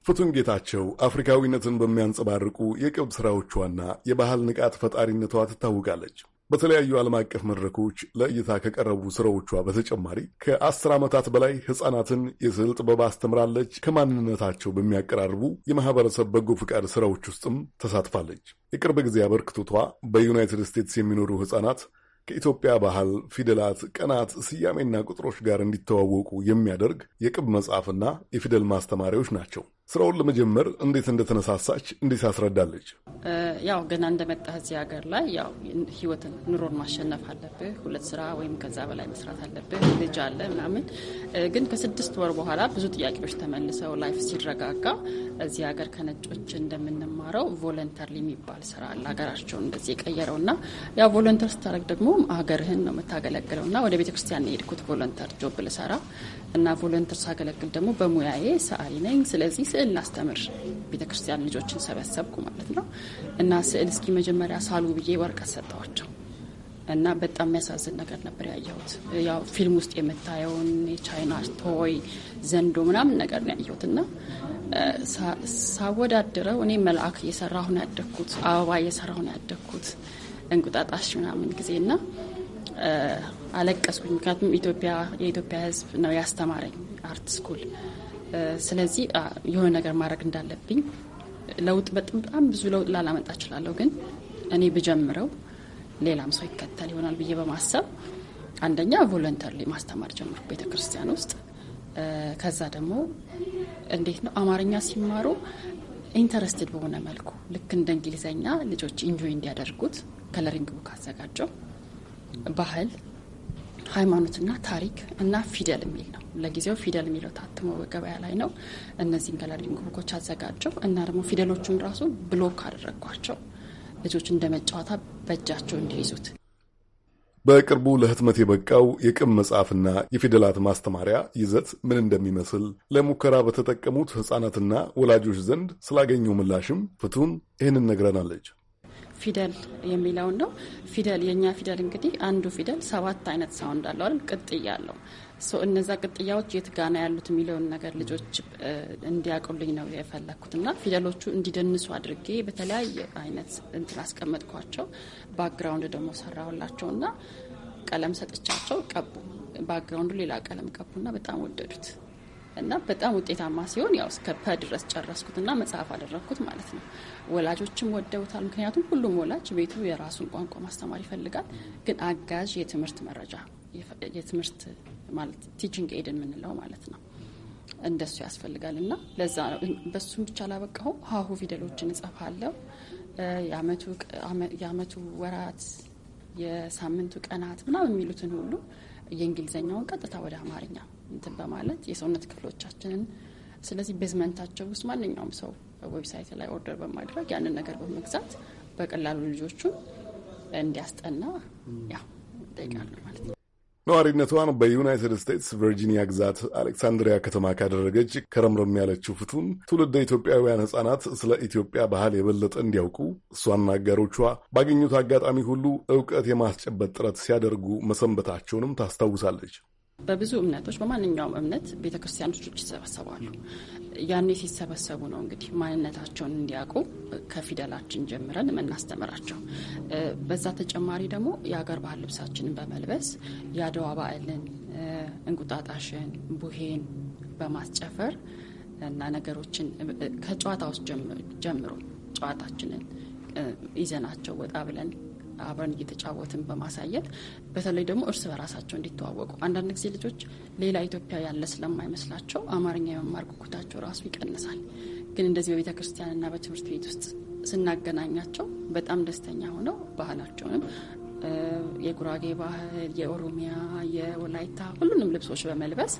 ፍቱን ጌታቸው አፍሪካዊነትን በሚያንጸባርቁ የቅብ ስራዎቿና የባህል ንቃት ፈጣሪነቷ ትታወቃለች። በተለያዩ ዓለም አቀፍ መድረኮች ለእይታ ከቀረቡ ስራዎቿ በተጨማሪ ከአስር ዓመታት በላይ ሕፃናትን የስዕል ጥበብ አስተምራለች። ከማንነታቸው በሚያቀራርቡ የማህበረሰብ በጎ ፍቃድ ስራዎች ውስጥም ተሳትፋለች። የቅርብ ጊዜ አበርክቶቷ በዩናይትድ ስቴትስ የሚኖሩ ሕፃናት ከኢትዮጵያ ባህል፣ ፊደላት፣ ቀናት፣ ስያሜና ቁጥሮች ጋር እንዲተዋወቁ የሚያደርግ የቅብ መጽሐፍና የፊደል ማስተማሪያዎች ናቸው። ስራውን ለመጀመር እንዴት እንደተነሳሳች እንዴት ያስረዳለች። ያው ገና እንደመጣህ እዚህ ሀገር ላይ ያው ህይወትን ኑሮን ማሸነፍ አለብህ። ሁለት ስራ ወይም ከዛ በላይ መስራት አለብህ። ልጅ አለ ምናምን። ግን ከስድስት ወር በኋላ ብዙ ጥያቄዎች ተመልሰው ላይፍ ሲረጋጋ እዚህ ሀገር ከነጮች እንደምንማረው ቮለንተር የሚባል ስራ አለ ሀገራቸውን እንደዚህ የቀየረው እና ያው ቮለንተር ስታደርግ ደግሞ ሀገርህን ነው የምታገለግለው እና ወደ ቤተክርስቲያን የሄድኩት ቮለንተር ጆብ ልሰራ እና ቮለንተር ሳገለግል ደግሞ በሙያዬ ሰአሊ ነኝ። ስለዚህ ስዕል ላስተምር ቤተክርስቲያን ልጆችን ሰበሰብኩ ማለት ነው። እና ስዕል እስኪ መጀመሪያ ሳሉ ብዬ ወረቀት ሰጠዋቸው እና በጣም የሚያሳዝን ነገር ነበር ያየሁት። ያው ፊልም ውስጥ የምታየውን የቻይና ቶይ ዘንዶ ምናምን ነገር ነው ያየሁት እና ሳወዳድረው እኔ መልአክ እየሰራሁ ነው ያደግኩት፣ አበባ እየሰራሁ ነው ያደግኩት እንቁጣጣሽ ምናምን ጊዜ እና አለቀስኩኝ። ምክንያቱም ኢትዮጵያ የኢትዮጵያ ሕዝብ ነው ያስተማረኝ አርት ስኩል። ስለዚህ የሆነ ነገር ማድረግ እንዳለብኝ ለውጥ በጣም ብዙ ለውጥ ላላመጣ እችላለሁ፣ ግን እኔ ብጀምረው ሌላም ሰው ይከተል ይሆናል ብዬ በማሰብ አንደኛ ቮለንተሪ ማስተማር ጀምሩ ቤተ ክርስቲያን ውስጥ። ከዛ ደግሞ እንዴት ነው አማርኛ ሲማሩ ኢንተረስትድ በሆነ መልኩ ልክ እንደ እንግሊዘኛ ልጆች ኢንጆይ እንዲያደርጉት ከለሪንግ ቡክ አዘጋጀው። ባህል፣ ሃይማኖትና ታሪክ እና ፊደል የሚል ነው። ለጊዜው ፊደል የሚለው ታትሞ በገበያ ላይ ነው። እነዚህን ከለሪንግ ቡኮች አዘጋጀው እና ደግሞ ፊደሎቹን ራሱ ብሎክ አደረግኳቸው ልጆች እንደ መጫወታ በእጃቸው እንዲይዙት። በቅርቡ ለህትመት የበቃው የቅም መጽሐፍና የፊደላት ማስተማሪያ ይዘት ምን እንደሚመስል ለሙከራ በተጠቀሙት ህጻናትና ወላጆች ዘንድ ስላገኘው ምላሽም ፍቱን ይህንን ነግረናለች። ፊደል የሚለውን ነው። ፊደል የእኛ ፊደል እንግዲህ አንዱ ፊደል ሰባት አይነት ሳውንድ አለው አይደል? ቅጥያ አለው። እነዛ ቅጥያዎች የት ጋና ያሉት የሚለውን ነገር ልጆች እንዲያውቁልኝ ነው የፈለግኩት እና ፊደሎቹ እንዲደንሱ አድርጌ በተለያየ አይነት እንትን አስቀመጥኳቸው። ባክግራውንድ ደግሞ ሰራሁላቸው እና ቀለም ሰጥቻቸው ቀቡ። ባክግራውንዱ ሌላ ቀለም ቀቡና በጣም ወደዱት እና በጣም ውጤታማ ሲሆን ያው እስከ ፐ ድረስ ጨረስኩትና መጽሐፍ አደረግኩት ማለት ነው። ወላጆችም ወደውታል። ምክንያቱም ሁሉም ወላጅ ቤቱ የራሱን ቋንቋ ማስተማር ይፈልጋል። ግን አጋዥ የትምህርት መረጃ የትምህርት ማለት ቲችንግ ኤድ የምንለው ማለት ነው እንደሱ ያስፈልጋል እና ለዛ ነው በሱም ብቻ ላበቃሁ ሀሁ ፊደሎችን እጽፋለሁ። የአመቱ ወራት፣ የሳምንቱ ቀናት ምናምን የሚሉትን ሁሉ የእንግሊዝኛውን ቀጥታ ወደ አማርኛ እንትን በማለት የሰውነት ክፍሎቻችንን ስለዚህ ቤዝመንታቸው ውስጥ ማንኛውም ሰው ዌብሳይት ላይ ኦርደር በማድረግ ያንን ነገር በመግዛት በቀላሉ ልጆቹን እንዲያስጠና ያው እጠይቃለሁ ማለት ነው። ነዋሪነቷን በዩናይትድ ስቴትስ ቨርጂኒያ ግዛት አሌክሳንድሪያ ከተማ ካደረገች ከረምረም ያለችው ፍቱን ትውልደ ኢትዮጵያውያን ሕጻናት ስለ ኢትዮጵያ ባህል የበለጠ እንዲያውቁ እሷና አጋሮቿ ባገኙት አጋጣሚ ሁሉ እውቀት የማስጨበጥ ጥረት ሲያደርጉ መሰንበታቸውንም ታስታውሳለች። በብዙ እምነቶች በማንኛውም እምነት ቤተ ክርስቲያኖች ይሰበሰባሉ። ያኔ ሲሰበሰቡ ነው እንግዲህ ማንነታቸውን እንዲያውቁ ከፊደላችን ጀምረን የምናስተምራቸው። በዛ ተጨማሪ ደግሞ የአገር ባህል ልብሳችንን በመልበስ የአድዋ በዓልን፣ እንቁጣጣሽን፣ ቡሄን በማስጨፈር እና ነገሮችን ከጨዋታ ውስጥ ጀምሮ ጨዋታችንን ይዘናቸው ወጣ ብለን አብረን እየተጫወትን በማሳየት በተለይ ደግሞ እርስ በራሳቸው እንዲተዋወቁ አንዳንድ ጊዜ ልጆች ሌላ ኢትዮጵያ ያለ ስለማይመስላቸው አማርኛ የመማር ጉጉታቸው ራሱ ይቀንሳል። ግን እንደዚህ በቤተ ክርስቲያንና በትምህርት ቤት ውስጥ ስናገናኛቸው በጣም ደስተኛ ሆነው ባህላቸውንም የጉራጌ ባህል፣ የኦሮሚያ፣ የወላይታ ሁሉንም ልብሶች በመልበስ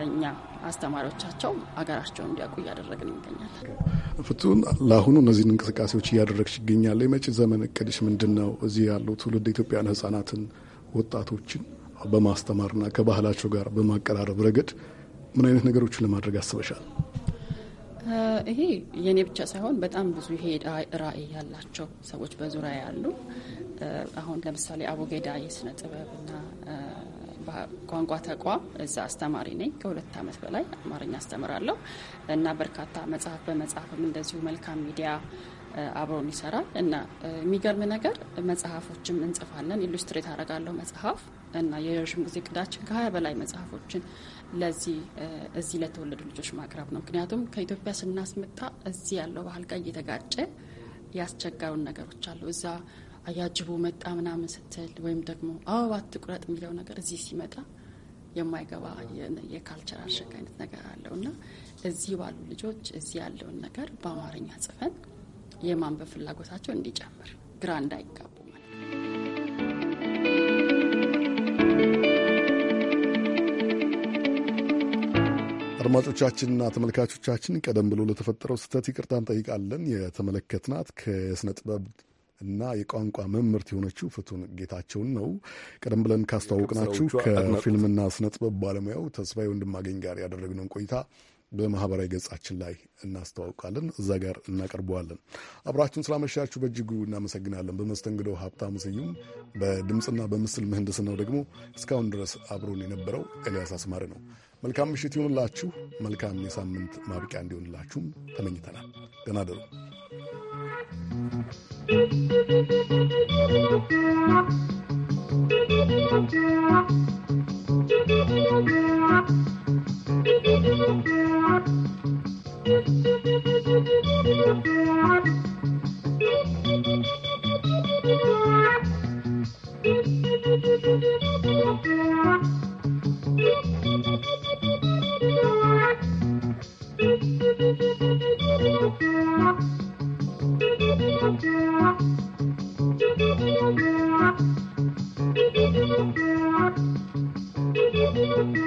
እኛ አስተማሪዎቻቸው አገራቸውን እንዲያውቁ እያደረግን ይገኛል። ፍቱን ለአሁኑ እነዚህን እንቅስቃሴዎች እያደረግሽ ይገኛል። የመጪ ዘመን እቅድሽ ምንድን ነው? እዚህ ያሉ ትውልድ ኢትዮጵያን ህጻናትን፣ ወጣቶችን በማስተማርና ከባህላቸው ጋር በማቀራረብ ረገድ ምን አይነት ነገሮችን ለማድረግ አስበሻል? ይሄ የእኔ ብቻ ሳይሆን በጣም ብዙ ሄዳ ራዕይ ያላቸው ሰዎች በዙሪያ ያሉ አሁን ለምሳሌ አቦጌዳ የስነ ጥበብና ቋንቋ ተቋም እዛ አስተማሪ ነኝ። ከሁለት ዓመት በላይ አማርኛ አስተምራለሁ እና በርካታ መጽሐፍ በመጽሐፍም እንደዚሁ መልካም ሚዲያ አብሮን ይሰራል እና የሚገርም ነገር መጽሐፎችም እንጽፋለን። ኢሉስትሬት አረጋለሁ መጽሐፍ እና የረዥም ጊዜ ቅዳችን ከሀያ በላይ መጽሐፎችን ለዚህ እዚህ ለተወለዱ ልጆች ማቅረብ ነው። ምክንያቱም ከኢትዮጵያ ስናስመጣ እዚህ ያለው ባህል ጋር እየተጋጨ ያስቸጋሩን ነገሮች አሉ እዛ አያጅቦ መጣ ምናምን ስትል ወይም ደግሞ አበባ አትቁረጥ የሚለው ነገር እዚህ ሲመጣ የማይገባ የካልቸር አሸግ አይነት ነገር አለው እና እዚህ ባሉ ልጆች እዚህ ያለውን ነገር በአማርኛ ጽፈን የማንበብ ፍላጎታቸው እንዲጨምር ግራ እንዳይጋቡ ማለት ነው። አድማጮቻችንና ተመልካቾቻችን ቀደም ብሎ ለተፈጠረው ስህተት ይቅርታን ጠይቃለን። የተመለከትናት ከስነ ጥበብ እና የቋንቋ መምህርት የሆነችው ፍቱን ጌታቸውን ነው። ቀደም ብለን ካስተዋወቅናችሁ ከፊልምና ስነ ጥበብ ባለሙያው ተስፋዬ ወንድማገኝ ጋር ያደረግነውን ቆይታ በማህበራዊ ገጻችን ላይ እናስተዋውቃለን። እዛ ጋር እናቀርበዋለን። አብራችሁን ስላመሻችሁ በእጅጉ እናመሰግናለን። በመስተንግዶ ሀብታሙ ስዩም፣ በድምፅና በምስል ምህንድስናው ደግሞ እስካሁን ድረስ አብሮን የነበረው ኤልያስ አስማሪ ነው። መልካም ምሽት ይሁንላችሁ። መልካም የሳምንት ማብቂያ እንዲሆንላችሁም ተመኝተናል። ደህና ደሩ።